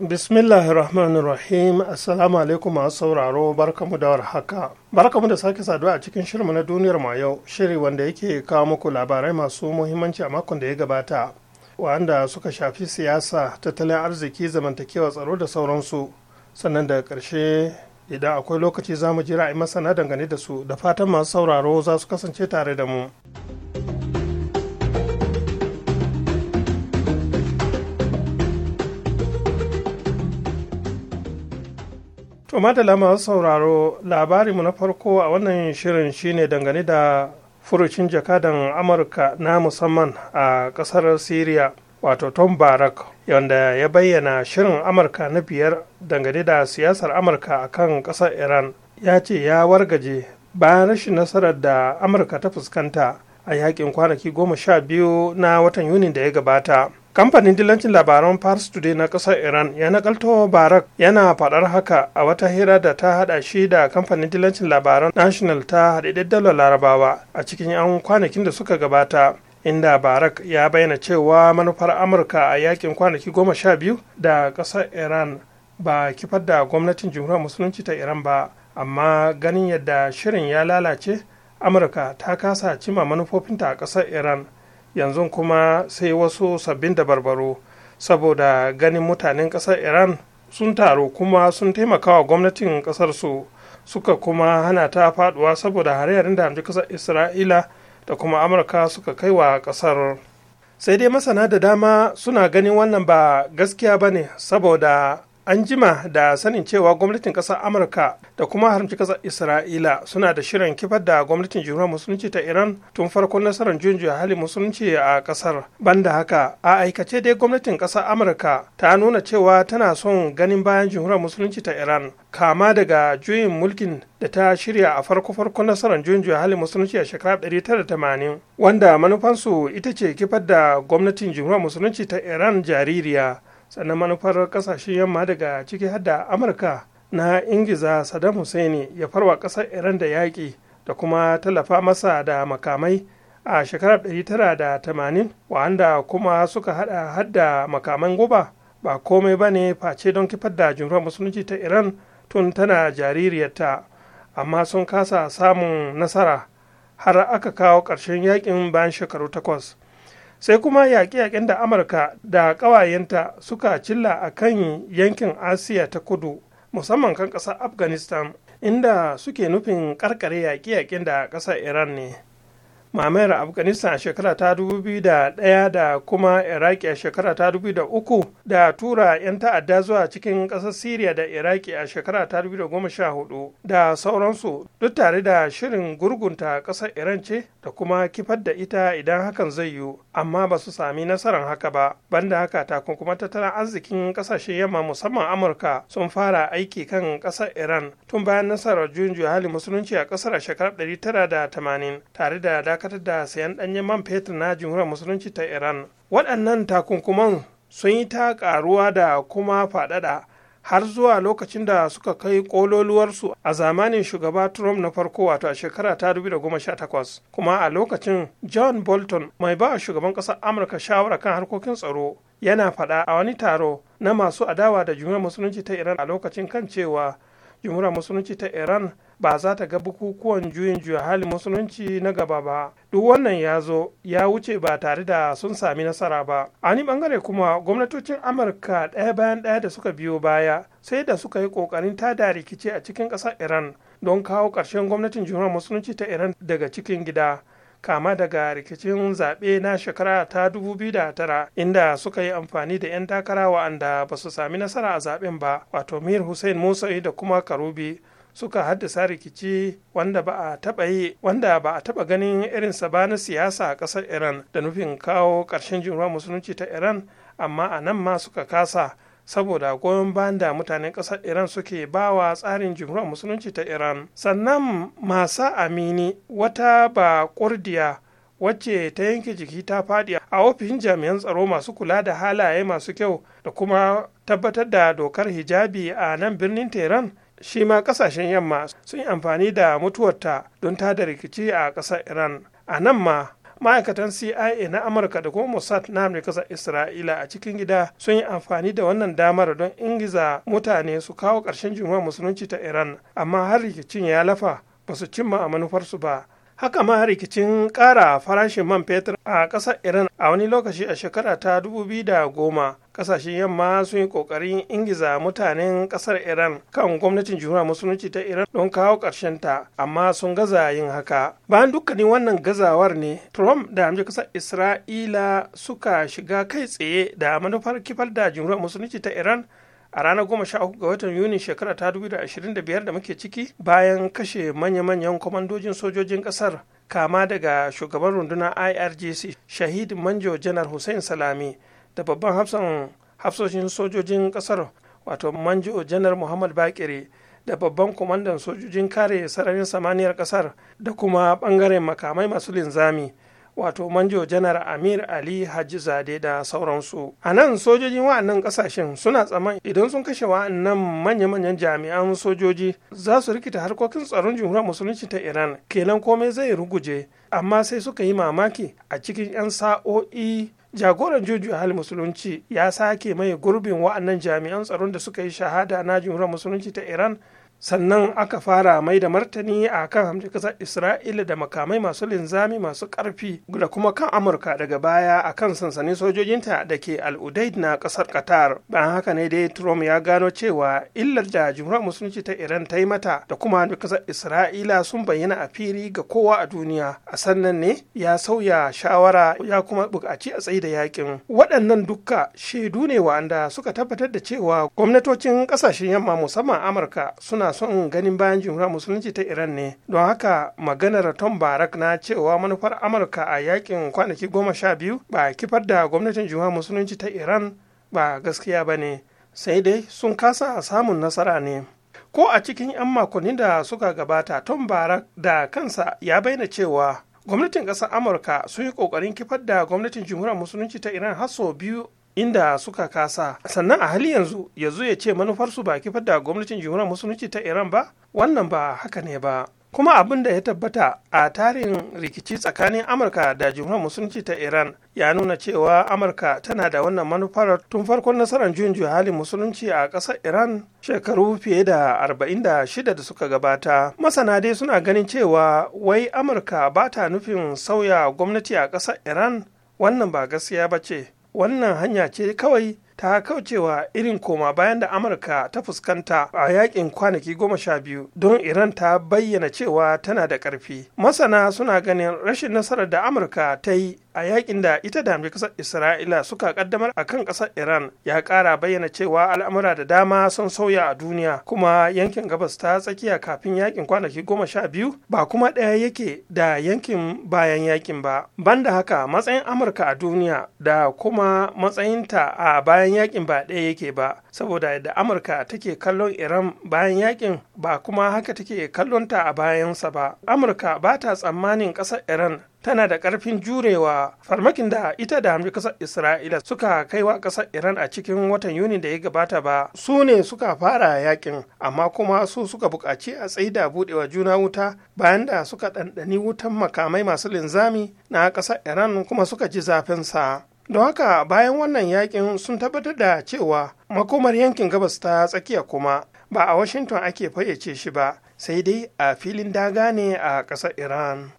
Bismillahir Rahmanir Rahim Assalamu alaikum masu sauraro barkamu da warhaka. Barkamu da sake saduwa a cikin shirmu na duniyar a yau, shiri wanda yake kawo muku labarai masu muhimmanci a makon da ya gabata, wanda suka shafi siyasa, tattalin arziki, zamantakewa tsaro da sauransu. Sannan daga ƙarshe idan akwai lokaci za mu jira a masana dangane da su da fatan masu sauraro za su kasance tare da mu. To madala masu sauraro labarinmu na farko a wannan shirin shine dangane da furucin jakadan Amurka na musamman a ƙasar Siriya wato Tom Barak wanda ya bayyana shirin Amurka na biyar dangane da siyasar Amurka a kan ƙasar Iran ya ce ya wargaje bayan rashin nasarar da Amurka ta fuskanta a yakin kwanaki goma sha biyu na watan Yunin da ya gabata. kamfanin dillancin labaran Fars today na kasar iran ya nakalto barak yana faɗar haka a wata hira da ta hada shi da kamfanin dillancin labaran national ta haɗaɗɗen dalar larabawa a cikin 'yan kwanakin da suka gabata inda barak ya bayyana cewa manufar amurka a yakin kwanaki goma sha biyu da ƙasar iran ba kifar da gwamnatin jamhuriyar musulunci ta iran ba amma ganin yadda shirin ya lalace amurka ta kasa cima manufofinta a ƙasar iran yanzu kuma sai wasu sabbin dabarbaro saboda ganin mutanen ƙasar iran sun taru kuma sun taimaka wa gwamnatin ƙasarsu su suka kuma hana ta faduwa saboda hare da hamji ƙasar isra'ila da kuma amurka suka kai wa ƙasar sai dai masana da dama suna ganin wannan ba gaskiya ba ne saboda an jima da sanin cewa gwamnatin ƙasar amurka da kuma haramci ƙasar isra'ila suna da shirin kifar da gwamnatin jihuwar musulunci ta iran tun farko nasarar junjiya hali musulunci a ƙasar banda haka a aikace dai gwamnatin ƙasar amurka ta nuna cewa tana son ganin bayan jihuwar musulunci ta iran kama daga juyin mulkin da ta shirya a farko farkon nasarar junjiya hali musulunci a shekara 1980 wanda manufansu ita ce kifar da gwamnatin jihuwar musulunci ta iran jaririya sannan manufar kasashen yamma daga ciki hadda amurka na ingiza saddam hussein ya farwa kasar iran da yaƙi da kuma tallafa masa da makamai a shekarar 1980 wanda kuma suka hada hadda makaman guba ba komai ba ne face don kifar da jumhuriyar musulunci ta iran tun tana jaririyarta amma sun kasa samun nasara har aka kawo ƙarshen yakin bayan shekaru takwas sai kuma yaƙi yaƙen da amurka da ƙawayenta suka cilla a kan yankin asiya ta kudu musamman kan ƙasar afghanistan inda suke nufin ƙarƙare yaƙi yaƙen da ƙasar iran ne mamayar afghanistan a shekara ta 2001 da kuma iraki a shekara ta 2003 da tura 'yan ta'adda zuwa cikin ƙasar syria da iraki a shekara ta 2014 da sauransu duk tare da shirin gurgunta ƙasar iran ce da kuma kifar da ita idan hakan zai yiwu amma ba su sami nasarar haka ba banda haka takunkuma tattalin arzikin ƙasashen yamma musamman amurka sun fara aiki kan ƙasar iran tun bayan nasarar juyin juya hali musulunci a ƙasar a shekarar 1980 tare da dakatar da sayan ɗanyen man fetur na jamhuriyar musulunci ta iran waɗannan takunkuman sun yi ta ƙaruwa da kuma faɗaɗa har zuwa lokacin da suka kai ƙololuwarsu a zamanin shugaba trump na farko wato a shekara ta 2018 kuma a lokacin john bolton mai ba shugaban ƙasar amurka shawara kan harkokin tsaro yana faɗa a wani taro na masu adawa da jumura musulunci ta iran a lokacin kan cewa jumura musulunci ta iran ba za ta ga bukukuwan juyin juya halin musulunci na gaba ba duk wannan ya zo ya wuce ba tare da sun sami nasara ba a bangare kuma gwamnatocin amurka ɗaya bayan ɗaya da suka biyo baya sai da suka yi ƙoƙarin tada rikici a cikin ƙasar iran don kawo ƙarshen gwamnatin jihar musulunci ta iran daga cikin gida kama daga rikicin zaɓe na shekara ta dubu biyu da tara. inda suka yi amfani da 'yan takara wa'anda ba su sami nasara a zaɓen ba wato mir hussein Musa da kuma karubi suka haddasa rikici wanda ba a taba yi wanda ba a taba ganin irinsa ba na siyasa a ƙasar iran da nufin kawo ƙarshen jin musulunci ta iran amma a nan ma suka kasa saboda goyon bayan da mutanen ƙasar iran suke bawa tsarin jimhuriyar musulunci ta iran sannan masa amini wata ba kurdiya wacce ta yanke jiki ta faɗi a ofishin jami'an tsaro masu kula da halaye masu kyau da kuma tabbatar da dokar hijabi a nan birnin tehran shi ma kasashen yamma sun yi amfani da mutuwarta don ta da rikici a ƙasar iran a nan ma ma'aikatan cia na amurka da kuma mossad na amurka isra'ila a cikin gida sun yi amfani da wannan damar don ingiza mutane su kawo ƙarshen jumhuriyar musulunci ta iran amma har rikicin ya lafa ba su cimma a manufarsu ba haka ma rikicin ƙara farashin man fetur a ƙasar iran a wani lokaci a shekara ta 2010 kasashen yamma sun yi kokarin ingiza mutanen kasar iran kan gwamnatin jihuna musulunci ta iran don kawo ta amma sun gaza yin haka bayan dukkanin wannan gazawar ne trump da amince kasar isra'ila suka shiga kai tsaye da manufar kifar da jihuna musulunci ta iran a ranar goma sha uku ga watan yuni shekara ta dubu da ashirin da biyar da muke ciki bayan kashe manya-manyan kwamandojin sojojin kasar kama daga shugaban rundunar irgc shahid manjo janar hussein salami da babban hafsan hafsoshin sojojin kasar wato manjo janar muhammad bakire da babban kwamandan sojojin kare sararin samaniyar kasar da kuma bangaren makamai masu linzami wato manjo janar amir ali haji zade da sauransu a nan sojojin wa'annan kasashen suna tsaman idan sun kashe wa'annan manya-manyan jami'an sojoji za su rikita harkokin tsaron jumhuriyar musulunci ta iran kenan komai zai ruguje amma sai suka yi mamaki a cikin 'yan sa'o'i jagoran juju hali musulunci ya sake mai gurbin wa'annan jami'an tsaron da suka yi shahada na jumhuriyar musulunci ta iran sannan aka fara mai da martani a kan hamshin kasar isra'ila da makamai masu linzami masu karfi da kuma kan amurka daga baya a kan sansanin sojojinta da ke al'udaid na kasar qatar bayan haka ne dai trump ya gano cewa illar da jumhuriyar musulunci ta iran ta yi mata da kuma hamshin kasar isra'ila sun bayyana a fili ga kowa a duniya a sannan ne ya sauya shawara ya kuma bukaci a tsayi da yakin waɗannan dukka shaidu ne wa'anda suka tabbatar da cewa gwamnatocin ƙasashen yamma musamman amurka suna son ganin bayan jumhuriyar musulunci ta iran ne don haka maganar tom barak na cewa manufar amurka a yakin kwanaki goma sha biyu ba kifar da gwamnatin jumhuriyar musulunci ta iran ba gaskiya ba ne sai dai sun kasa samun nasara ne ko a cikin 'yan makonni da suka gabata tom barak da kansa ya bayyana cewa gwamnatin ƙasar amurka sun yi ƙoƙarin kifar da gwamnatin jimhuriyar musulunci ta iran har biyu inda suka kasa sannan a hali yanzu yanzu ya ce manufarsu ba kifar da gwamnatin jihunan musulunci ta iran ba wannan ba haka ne ba kuma abin da ya tabbata a tarin rikici tsakanin amurka da jihunan musulunci ta iran ya nuna cewa amurka tana da wannan manufar tun farkon nasarar juyin juya halin musulunci a ƙasar iran shekaru fiye da 46 da suka gabata masana dai suna ganin cewa wai amurka ba ta nufin sauya gwamnati a ƙasar iran wannan ba gaskiya ba ce wannan hanya ce kawai ta kaucewa irin koma bayan da amurka ta fuskanta a yakin kwanaki goma sha biyu don iran ta bayyana cewa tana da ƙarfi masana suna ganin rashin nasarar da amurka ta yi a yakin da ita da kasar isra'ila suka kaddamar a kan kasar iran ya kara bayyana cewa al'amura da dama sun sauya a duniya kuma yankin gabas ta tsakiya kafin yakin kwanaki goma sha biyu ba kuma ɗaya yake da yankin bayan yakin ba banda haka matsayin amurka a duniya da kuma matsayinta a bayan yakin ba ɗaya yake ba saboda yadda amurka take kallon iran bayan yakin ba kuma haka take kallonta a bayansa ba amurka ba ta tsammanin kasar iran tana da ƙarfin jurewa farmakin da ita da hamji ƙasar isra'ila suka kaiwa ƙasar iran a cikin watan yuni da ya gabata ba su ne suka fara yakin amma kuma su suka buƙaci a tsaida buɗewa juna wuta bayan da suka ɗanɗani wutan makamai masu linzami na ƙasar iran kuma suka ji zafin sa don haka bayan wannan yakin sun tabbatar da cewa makomar yankin gabas ta tsakiya kuma ba a washington ake fayyace shi ba sai dai a filin daga ne a ƙasar iran.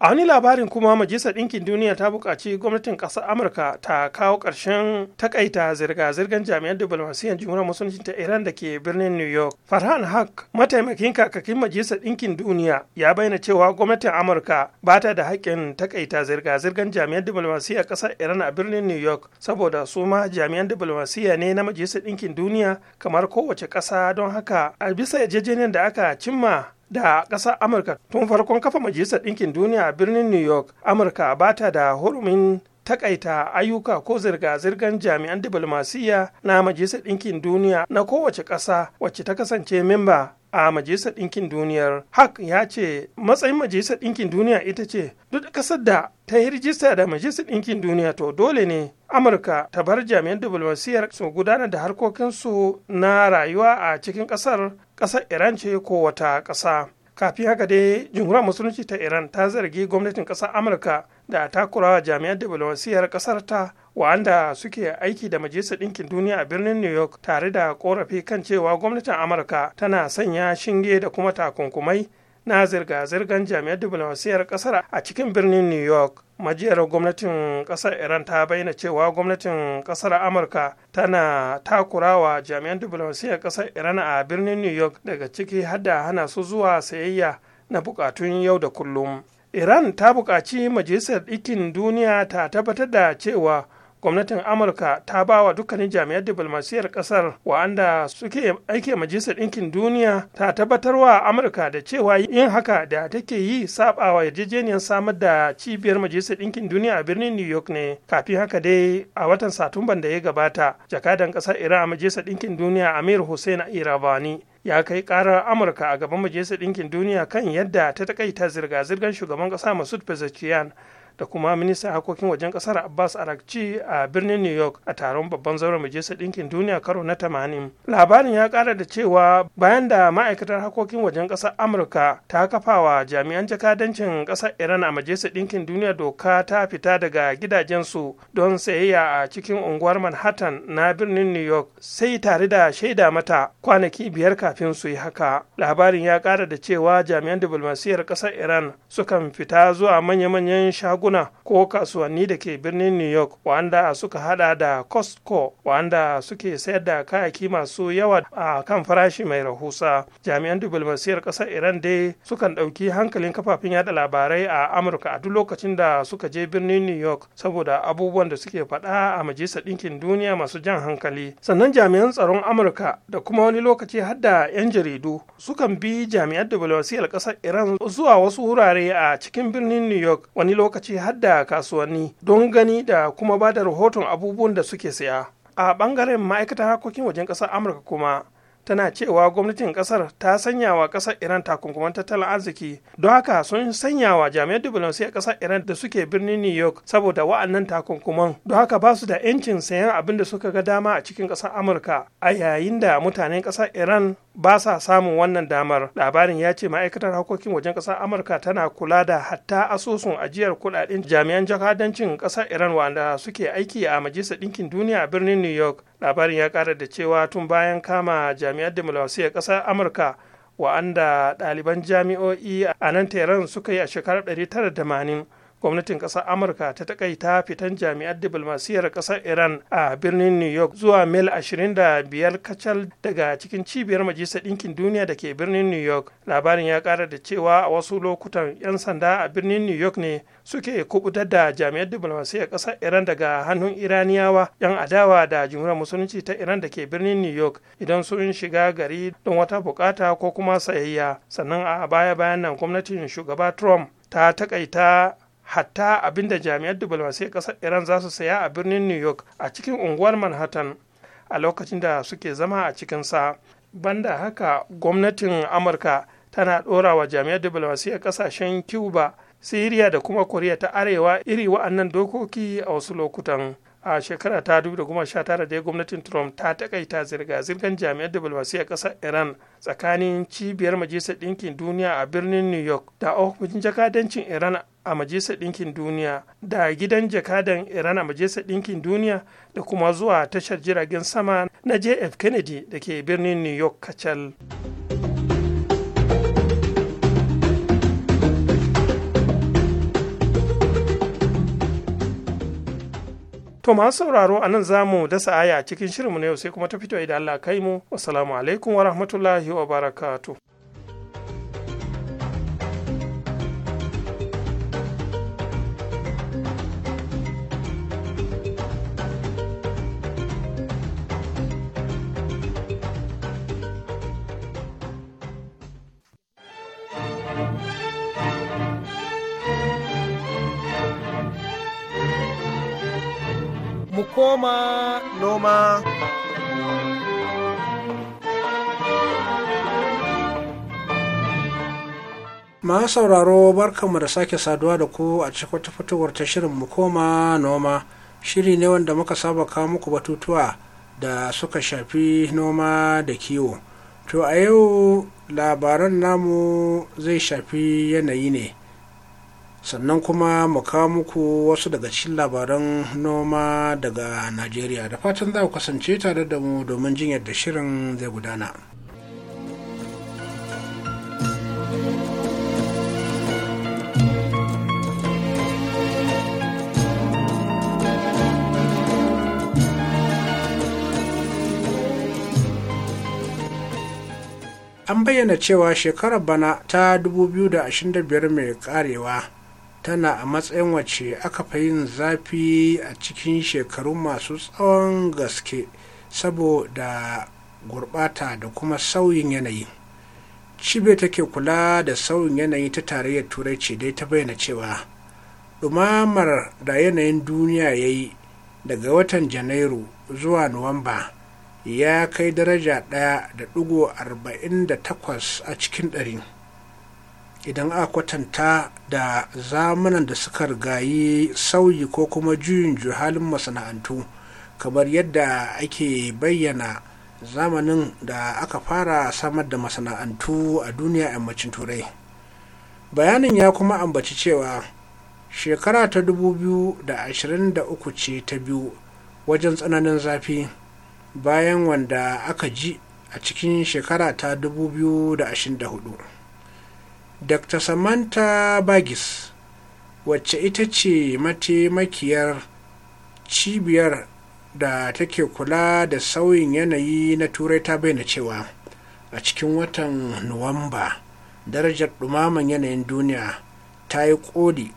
a wani labarin kuma majalisar ɗinkin duniya ta buƙaci gwamnatin ƙasar amurka ta kawo ƙarshen takaita zirga-zirgar jami'an diplomasiyyar jimhuriyar musulunci ta iran da ke birnin new york farhan haq mataimakin kakakin majalisar ɗinkin duniya ya bayyana cewa gwamnatin amurka ba ta da haƙƙin takaita zirga-zirgar jami'an diplomasiyyar ƙasar iran a birnin new york saboda su ma jami'an diplomasiyya ne na majalisar ɗinkin duniya kamar kowace ƙasa don haka a bisa yarjejeniyar da aka cimma da ƙasar amurka tun farkon kafa majalisar ɗinkin duniya a birnin new york amurka ba ta da hurumin takaita ayyuka ko zirga-zirgar jami'an diplomasiyya na majalisar ɗinkin duniya na kowace ƙasa wacce ta kasance memba a majalisar ɗinkin duniyar hak ya ce matsayin majalisar ɗinkin duniya ita ce duk ƙasar da ta yi rijista da majalisar ɗinkin duniya to dole ne amurka ta bar jami'an diflomasiyyar su gudanar da harkokinsu na rayuwa a cikin ƙasar ƙasar iran ce ko wata ƙasa kafin haka dai jumhuriyar musulunci ta iran ta zargi gwamnatin ƙasar amurka da takurawa jami'an diplomasiyar ƙasar ta wa'anda suke aiki da majalisar ɗinkin duniya a birnin new york tare da ƙorafi kan cewa gwamnatin amurka tana sanya shinge da kuma takunkumai na zirga-zirgar jami'ar diplomasiyar kasar a cikin birnin new york majiyar gwamnatin kasar iran ta bayyana cewa gwamnatin kasar amurka tana takurawa jami'an diplomasiyar kasar iran a birnin new york daga ciki hada hana su zuwa sayayya na bukatun yau da kullum iran ta bukaci majalisar ɗikin duniya ta tabbatar da cewa gwamnatin amurka ta ba wa dukkanin Jami'ar diplomasiyar kasar wa'anda suke aiki majalisar ɗinkin duniya ta tabbatar wa amurka da cewa yin haka da take yi sabawa yarjejeniyar samar da cibiyar majalisar ɗinkin duniya a birnin new york ne kafin haka dai a watan satumban da ya gabata jakadan ƙasa iran a majalisar ɗinkin duniya amir hussein irabani ya kai karar amurka a gaban majalisar ɗinkin duniya kan yadda ta takaita zirga-zirgar shugaban ƙasa masud pezeshkian da kuma ministan harkokin wajen kasar abbas arakci a birnin new york a taron babban zauren majalisar ɗinkin duniya karo na tamanin. labarin ya ƙara da cewa bayan da ma'aikatar harkokin wajen ƙasar amurka ta kafawa jami'an jakadancin ƙasar iran a majalisar ɗinkin duniya doka ta fita daga gidajensu don sayayya a cikin unguwar manhattan na birnin new york sai tare da shaida mata kwanaki biyar kafin su yi haka labarin ya ƙara da cewa jami'an diplomasiyar ƙasar iran sukan fita zuwa manya-manyan shago bankuna ko kasuwanni da ke birnin new york wanda suka hada da costco wanda suke sayar da kayaki masu yawa a kan farashi mai rahusa jami'an diplomasiyar kasar iran dai sukan ɗauki hankalin kafafen yada labarai a amurka a duk lokacin da suka je birnin new york saboda abubuwan da suke faɗa a majalisar ɗinkin duniya masu jan hankali sannan jami'an tsaron amurka da kuma wani lokaci har da 'yan jaridu sukan bi jami'an diplomasiyar kasar iran zuwa wasu wurare a cikin birnin new york wani lokaci har da kasuwanni don gani da kuma ba da rahoton abubuwan da suke saya a ɓangaren ma'aikatar harkokin wajen ƙasar amurka kuma tana cewa gwamnatin kasar ta sanya wa kasar iran takunkuman tattalin arziki don haka sun sanya wa jami'an a kasar iran da suke birnin new york saboda wa'annan takunkuman don haka ba su da 'yancin sayan abin da suka ga dama a cikin kasar amurka a yayin da mutanen kasar iran ba sa samun wannan damar labarin ya ce ma'aikatar harkokin wajen kasar amurka tana kula da hatta asusun ajiyar kudaden jami'an jakadancin kasar iran wanda suke aiki a majalisar ɗinkin duniya a birnin new york labarin ya kara da cewa tun bayan kama jami'ar dimulawasiyar ƙasar amurka wa'anda ɗaliban jami'o'i a nan teran suka yi a shekarar 1980 gwamnatin ƙasar amurka ta takaita fitan jami'ar Diplomasiyar ƙasar iran a birnin new york zuwa mil 25 kacal daga cikin cibiyar majalisar ɗinkin duniya da ke birnin new york labarin ya ƙara da cewa a wasu lokutan 'yan sanda a birnin new york ne suke kubutar da jami'ar Diplomasiyar ƙasar iran daga hannun iraniyawa 'yan adawa da jimurar musulunci ta iran da ke birnin new york idan sun shiga gari don wata bukata ko kuma sayayya sannan a baya bayan nan gwamnatin shugaba trump ta takaita hatta abinda jami'ar diplomasiyar ƙasar iran za su saya a birnin new york a cikin unguwar manhattan a lokacin da suke zama a cikinsa banda haka gwamnatin amurka tana ɗora wa jami'ar diplomasiyar ƙasashen cuba siriya da kuma koriya ta arewa iri wa'annan dokoki a wasu lokutan a shekara ta 2019 dai gwamnatin trump ta takaita zirga-zirgar jami'ar diplomasiyar ƙasar iran tsakanin cibiyar majalisar ɗinkin duniya a birnin new york da ofishin jakadancin iran a majalisar ɗinkin duniya da gidan jakadan iran a majalisar ɗinkin duniya da kuma zuwa tashar jiragen sama na jf kennedy da ke birnin new york kacal To masu sauraro a nan za mu dasa aya cikin shirinmu na yau sai kuma ta fito idan Allah kai mu. Wasalamu alaikum wa rahmatullahi wa barakatu. koma noma. Ma sauraro barkanmu da sake saduwa da ku a cikin fitowar ta shirin mu koma noma. Shiri ne wanda muka saba kawo muku batutuwa da suka shafi noma da kiwo. To a yau labaran namu zai shafi yanayi ne. sannan kuma mu kawo muku wasu daga cikin labaran noma daga najeriya da fatan za ku kasance tare da mu domin jin yadda shirin zai gudana an bayyana cewa shekarar bana ta 2025 mai karewa tana a matsayin wacce aka fi yin zafi a cikin shekaru masu tsawon gaske saboda gurbata da kuma sauyin yanayi cibe take kula da sauyin yanayi ta tarayyar turai ce dai ta bayyana cewa ɗumamar da yanayin duniya ya yi daga watan janairu zuwa nuwamba ya kai daraja ɗaya da ɗigo arba'in da takwas a cikin ɗari idan a kwatanta da zamanan da suka rigayi sauyi ko kuma juyin juhalin masana'antu kamar yadda ake bayyana zamanin da aka fara samar da masana'antu a duniya yammacin turai bayanin ya kuma ambaci cewa shekara ta 2023 ce ta biyu wajen tsananin zafi bayan wanda aka ji a cikin shekara ta 2024 dr samantha bagis wacce ita ce mataimakiyar cibiyar da take kula da sauyin yanayi na turai ta bayyana cewa a cikin watan nuwamba darajar dumaman yanayin duniya ta yi koli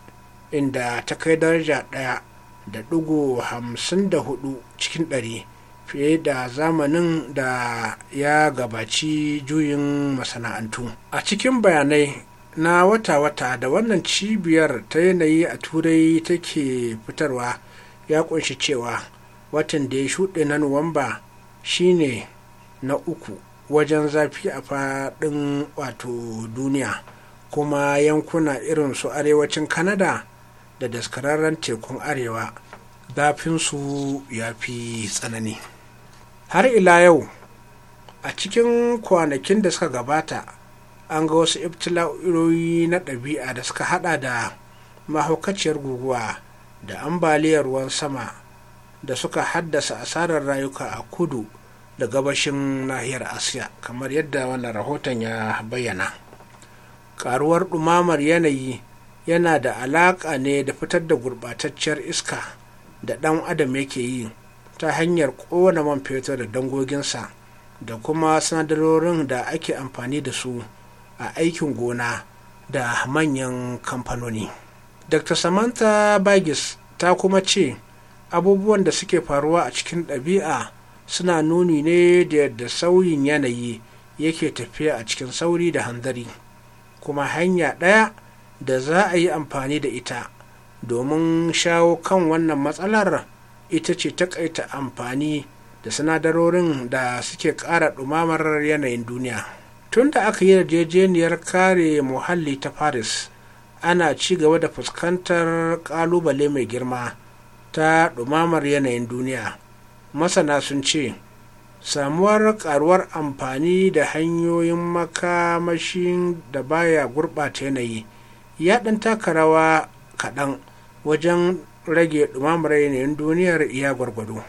inda ta kai daraja ɗaya da ɗigo hamsin da hudu cikin ɗari fiye da zamanin da ya gabaci juyin masana'antu a cikin bayanai na wata-wata da wannan cibiyar ta yanayi a turai take fitarwa ya kunshi cewa watan da ya shuɗe na nuwamba shine na uku wajen zafi a faɗin wato duniya kuma yankuna irin su arewacin Kanada da daskararren tekun arewa zafinsu ya fi tsanani har ila yau a cikin kwanakin da suka gabata an ga wasu ibtila'o'i na ɗabi'a da suka hada da mahaukaciyar guguwa da ambaliyar ruwan sama da suka haddasa asarar rayuka a kudu da gabashin nahiyar asiya kamar yadda wannan rahoton ya bayyana karuwar ɗumamar yanayi yana da alaƙa ne da fitar da gurɓatacciyar iska da ɗan adam yake yi ta hanyar ƙona man fetur da dangoginsa da kuma sinadarorin da ake amfani da su a aikin gona da manyan kamfanoni dr samantha bagis ta kuma ce abubuwan da suke faruwa a cikin ɗabi'a suna nuni ne da yadda sauyin yanayi yake tafiya a cikin sauri da handari, kuma hanya ɗaya da za a yi amfani da ita domin shawo kan wannan matsalar ita ce takaita amfani da sinadarorin da suke ƙara ɗumamar yanayin duniya tun da aka yi yarjejeniyar kare muhalli ta paris ana ci gaba da fuskantar kalubale mai girma ta ɗumamar yanayin duniya masana sun ce samuwar karuwar amfani da hanyoyin makamashin da baya gurɓata yanayi ya ɗan taka rawa kaɗan wajen rage ɗumamar yanayin duniyar iya gwargwado.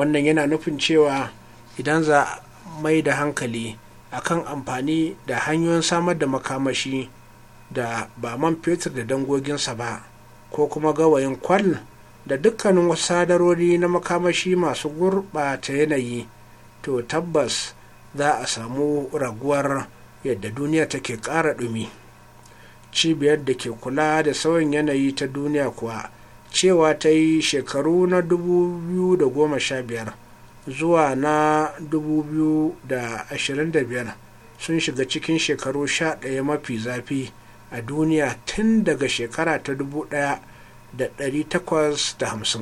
wannan yana nufin cewa idan za mai da hankali a kan amfani da hanyoyin samar da makamashi da ba man fetur da dangoginsa ba ko kuma gawayin kwal da dukkanin wasu sadarori na makamashi masu gurɓata yanayi to tabbas za a samu raguwar yadda duniya take ƙara ɗumi cibiyar da ke kula da sauyin yanayi ta duniya kuwa cewa ta yi shekaru na 2015 zuwa na 2025 sun shiga cikin shekaru 11 mafi zafi a duniya tun daga shekara ta 1850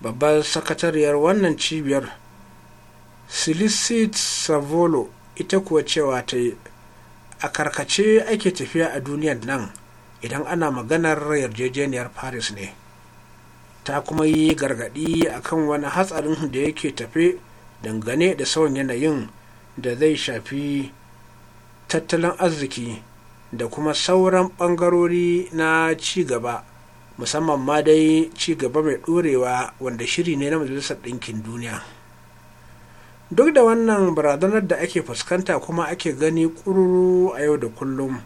babbar sakatariyar wannan cibiyar silicit savolo ita kuwa cewa ta yi a karkace ake tafiya a duniyar nan idan ana maganar yarjejeniyar paris ne ta kuma yi gargaɗi akan wani hatsarin da yake tafe dangane da sauyin yanayin da zai shafi tattalin arziki da kuma sauran ɓangarori na cigaba, musamman ma dai ci gaba mai ɗorewa wanda shiri ne na majalisar ɗinkin duniya duk da wannan barazanar da ake fuskanta kuma ake gani ƙururu a yau da kullum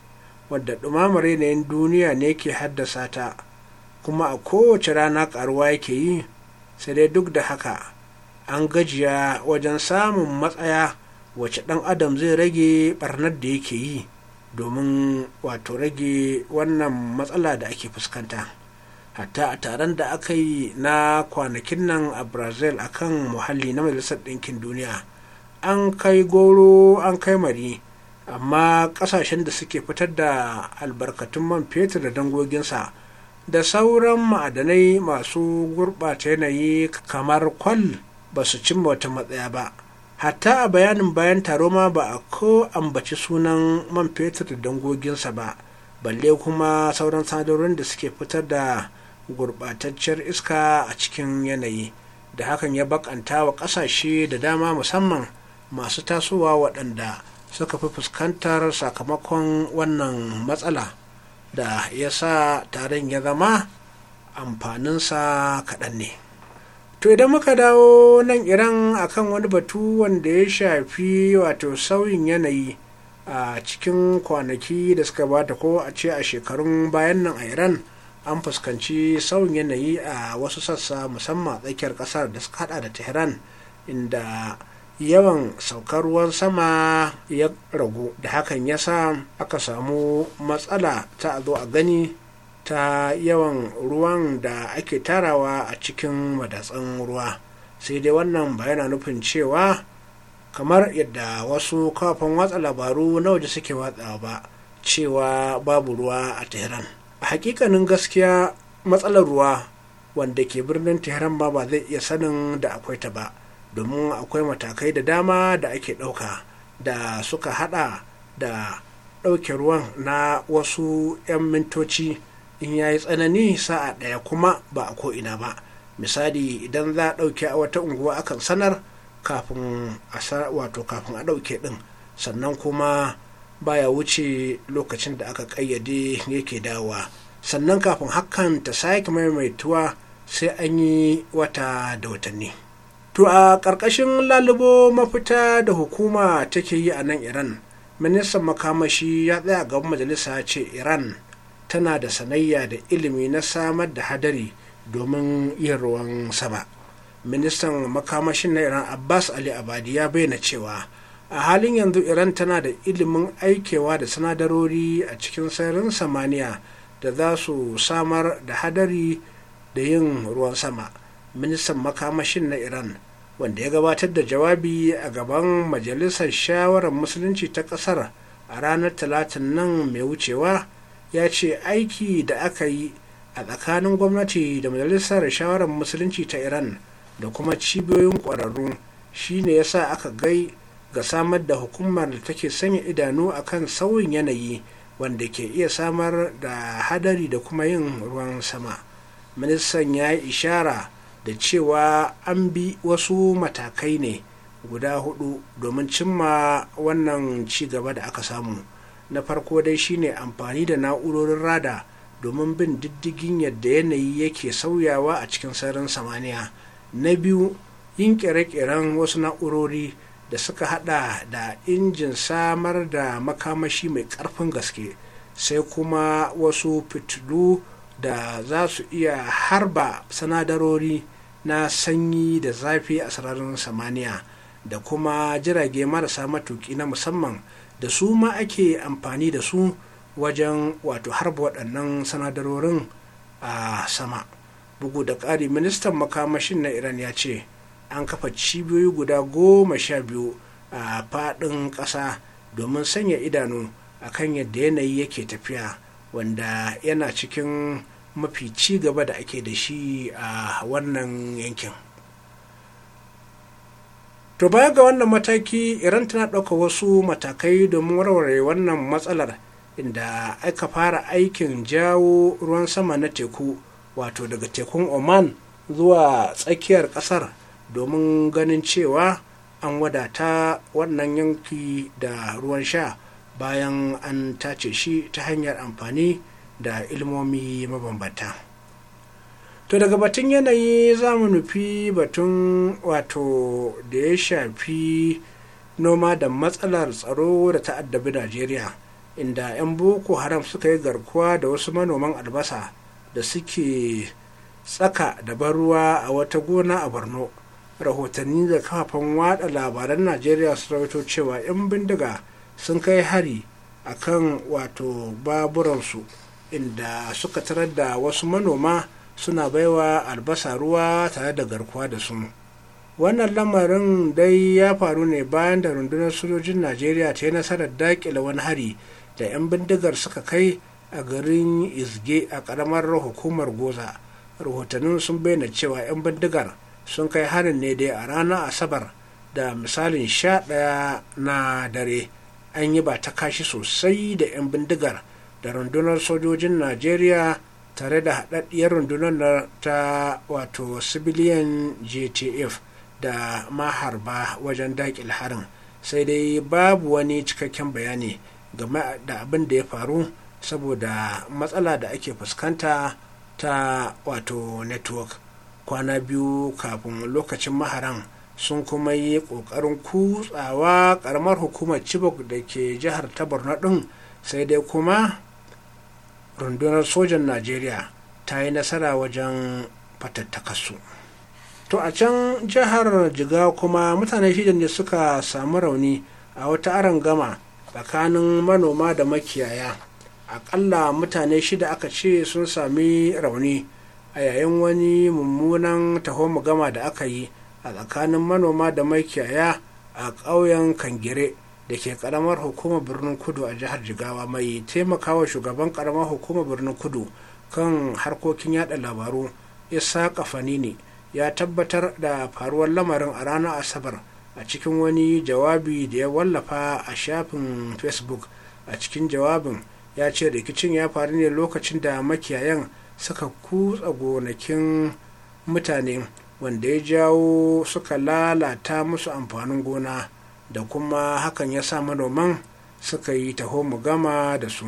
wadda ɗumamar yanayin duniya ne ke haddasa ta kuma a kowace rana ƙaruwa yake yi sai dai duk da haka an gajiya wajen samun matsaya wace ɗan adam zai rage ɓarnar da yake yi domin wato rage wannan matsala da ake fuskanta hatta a taron da aka yi na kwanakin nan a brazil akan muhalli na majalisar ɗinkin duniya an kai goro an kai mari amma kasashen da suke fitar da albarkatun man fetur da dangoginsa da sauran ma'adanai masu gurɓata yanayi kamar kwal ba su cimma wata matsaya ba hatta a bayanin bayan taro ma ba a ko ambaci sunan man fetur da dangoginsa ba balle kuma sauran sadarorin da suke fitar da gurɓatacciyar iska a cikin yanayi da hakan ya bakanta wa ƙasashe da dama musamman masu tasowa waɗanda suka fi fuskantar sakamakon wannan matsala da ya sa taron ya zama amfaninsa kaɗan ne to idan muka dawo nan iran akan wani batu wanda ya shafi wato sauyin yanayi a cikin kwanaki da suka bata ko a ce a shekarun bayan nan a iran an fuskanci sauyin yanayi a wasu sassa musamman tsakiyar kasar da suka hada da tehran inda yawan saukar ruwan sama ya ragu da hakan ya sa aka samu matsala ta zo a gani ta yawan ruwan da ake tarawa a cikin madatsan ruwa sai dai wannan ba yana nufin cewa kamar yadda wasu kafin watsa labaru na waje suke watsa ba cewa babu ruwa a tehran a hakikanin gaskiya matsalar ruwa wanda ke birnin tehran ba ba zai iya sanin da akwai ta ba domin akwai matakai da dama da ake ɗauka da suka hada da ɗauke ruwan na wasu 'yan mintoci in ya yi tsanani sa'a ɗaya kuma ba a ko'ina ba misali idan za a ɗauke a wata unguwa akan sanar kafin a wato kafin a ɗauke ɗin sannan kuma baya wuce lokacin da aka ƙayyade yake dawowa sannan kafin hakan ta sake maimaituwa sai an yi wata da watanni. to a ƙarƙashin lalubo mafita da hukuma take yi a nan iran ministan makamashi ya tsaya gaban majalisa ce iran tana da sanayya da ilimi na samar da hadari domin yin ruwan sama ministan makamashin na iran abbas ali abadi ya bayyana cewa a halin yanzu iran tana da ilimin aikewa da sinadarori a cikin sararin samaniya da za su samar da hadari da yin ruwan sama ministan makamashin na iran wanda ya gabatar da jawabi a gaban majalisar shawarar musulunci ta kasar a ranar talatin nan mai wucewa ya ce aiki da aka yi a tsakanin gwamnati da majalisar shawarar musulunci ta iran da kuma cibiyoyin ƙwararru shine sa aka gai ga samar da hukumar da take sanya idanu akan sauyin yanayi wanda ke iya samar da hadari da kuma yin ruwan sama ministan ya yi ishara da cewa an bi wasu matakai ne guda hudu domin cimma wannan ci gaba da aka samu na farko dai shine amfani da na'urorin rada domin bin diddigin yadda yanayi yake sauyawa a cikin sararin samaniya na biyu yin kere-keren wasu na'urori da suka hada da injin samar da makamashi mai karfin gaske sai kuma wasu fitilu da za su iya harba sanadarori na sanyi da zafi a sararin samaniya da kuma jirage marasa matuki na musamman da su ma ake amfani da su wajen wato harba waɗannan sanadarorin a sama bugu da ƙari ministan makamashin na iran ya ce an kafa cibiyoyi guda goma sha biyu a faɗin ƙasa domin sanya idanu a kan yadda yanayi yake tafiya wanda yana cikin mafi ci gaba da ake da shi a wannan yankin to baya ga wannan mataki iran tana ɗauka wasu matakai domin warware wannan matsalar inda aka fara aikin jawo ruwan sama na teku wato daga tekun oman zuwa tsakiyar ƙasar domin ganin cewa an wadata wannan yanki da ruwan sha bayan an tace shi ta hanyar amfani da ilmomi mabambanta to daga batun yanayi za mu nufi batun wato da ya shafi noma da matsalar tsaro da ta'addabi najeriya inda 'yan boko haram suka yi garkuwa da wasu manoman albasa da suke tsaka da ruwa a wata gona a borno rahotanni da kafafen watsa labaran najeriya su rawaito cewa 'yan bindiga sun kai hari a kan wato baburansu inda suka tarar da wasu manoma suna baiwa albasa ruwa tare da garkuwa da su wannan lamarin dai ya faru ne bayan da rundunar sojojin najeriya ta yi nasarar dakile wani hari da 'yan bindigar suka kai a garin izge a ƙaramar hukumar goza rahotannin sun bayyana cewa 'yan bindigar sun kai harin ne dai a ranar asabar da misalin sha ɗaya na dare an yi ba ta kashi sosai da 'yan bindigar da rundunar sojojin najeriya tare da haɗaɗɗiyar rundunar ta wato civilian gtf da maharba wajen daƙil harin sai dai babu wani cikakken bayani game da abin da ya faru saboda matsala da ake fuskanta ta wato network kwana biyu kafin lokacin maharan sun kuma yi ƙoƙarin kutsawa ƙaramar hukumar chibok da ke jihar ta borno ɗin sai dai kuma rundunar sojan najeriya ta yi nasara wajen su. to a can jihar jiga kuma mutane shida ne suka samu rauni a wata gama tsakanin manoma da makiyaya akalla mutane shida aka ce sun sami rauni a yayin wani mummunan taho gama da aka yi a tsakanin manoma da makiyaya a ƙauyen kangire da ke karamar hukumar birnin kudu a jihar jigawa mai taimakawa shugaban karamar hukumar birnin kudu kan harkokin yada labaru isa kafanini ya tabbatar da faruwar lamarin a ranar asabar a cikin wani jawabi da ya wallafa a shafin facebook a cikin jawabin ya ce rikicin ya faru ne lokacin da makiyayan suka kutsa gonakin mutane wanda ya jawo suka lalata musu amfanin gona da kuma hakan ya sa manoman suka yi taho mu gama da su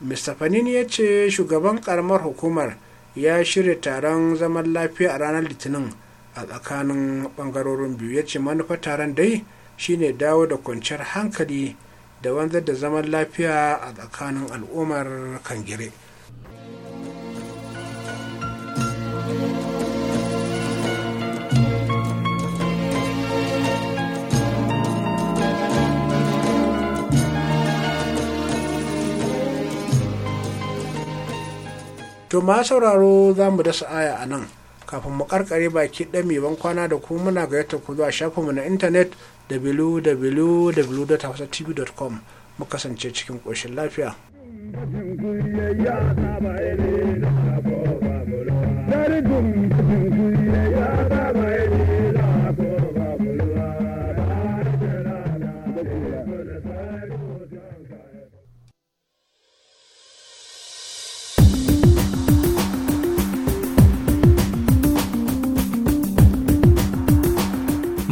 mr fanini ya ce shugaban karamar hukumar ya shirya taron zaman lafiya a ranar litinin a tsakanin bangarorin biyu ya ce manufa taron dai shine dawo da kwanciyar hankali da wanzar da zaman lafiya a tsakanin al'ummar kangire to ma sauraro za mu dasa aya a nan kafin mu karkare baki ɗan mai ban kwana da kuma muna gayyata ku zuwa shafinmu na intanet www.hausatv.com mu kasance cikin ƙoshin lafiya. Yeah.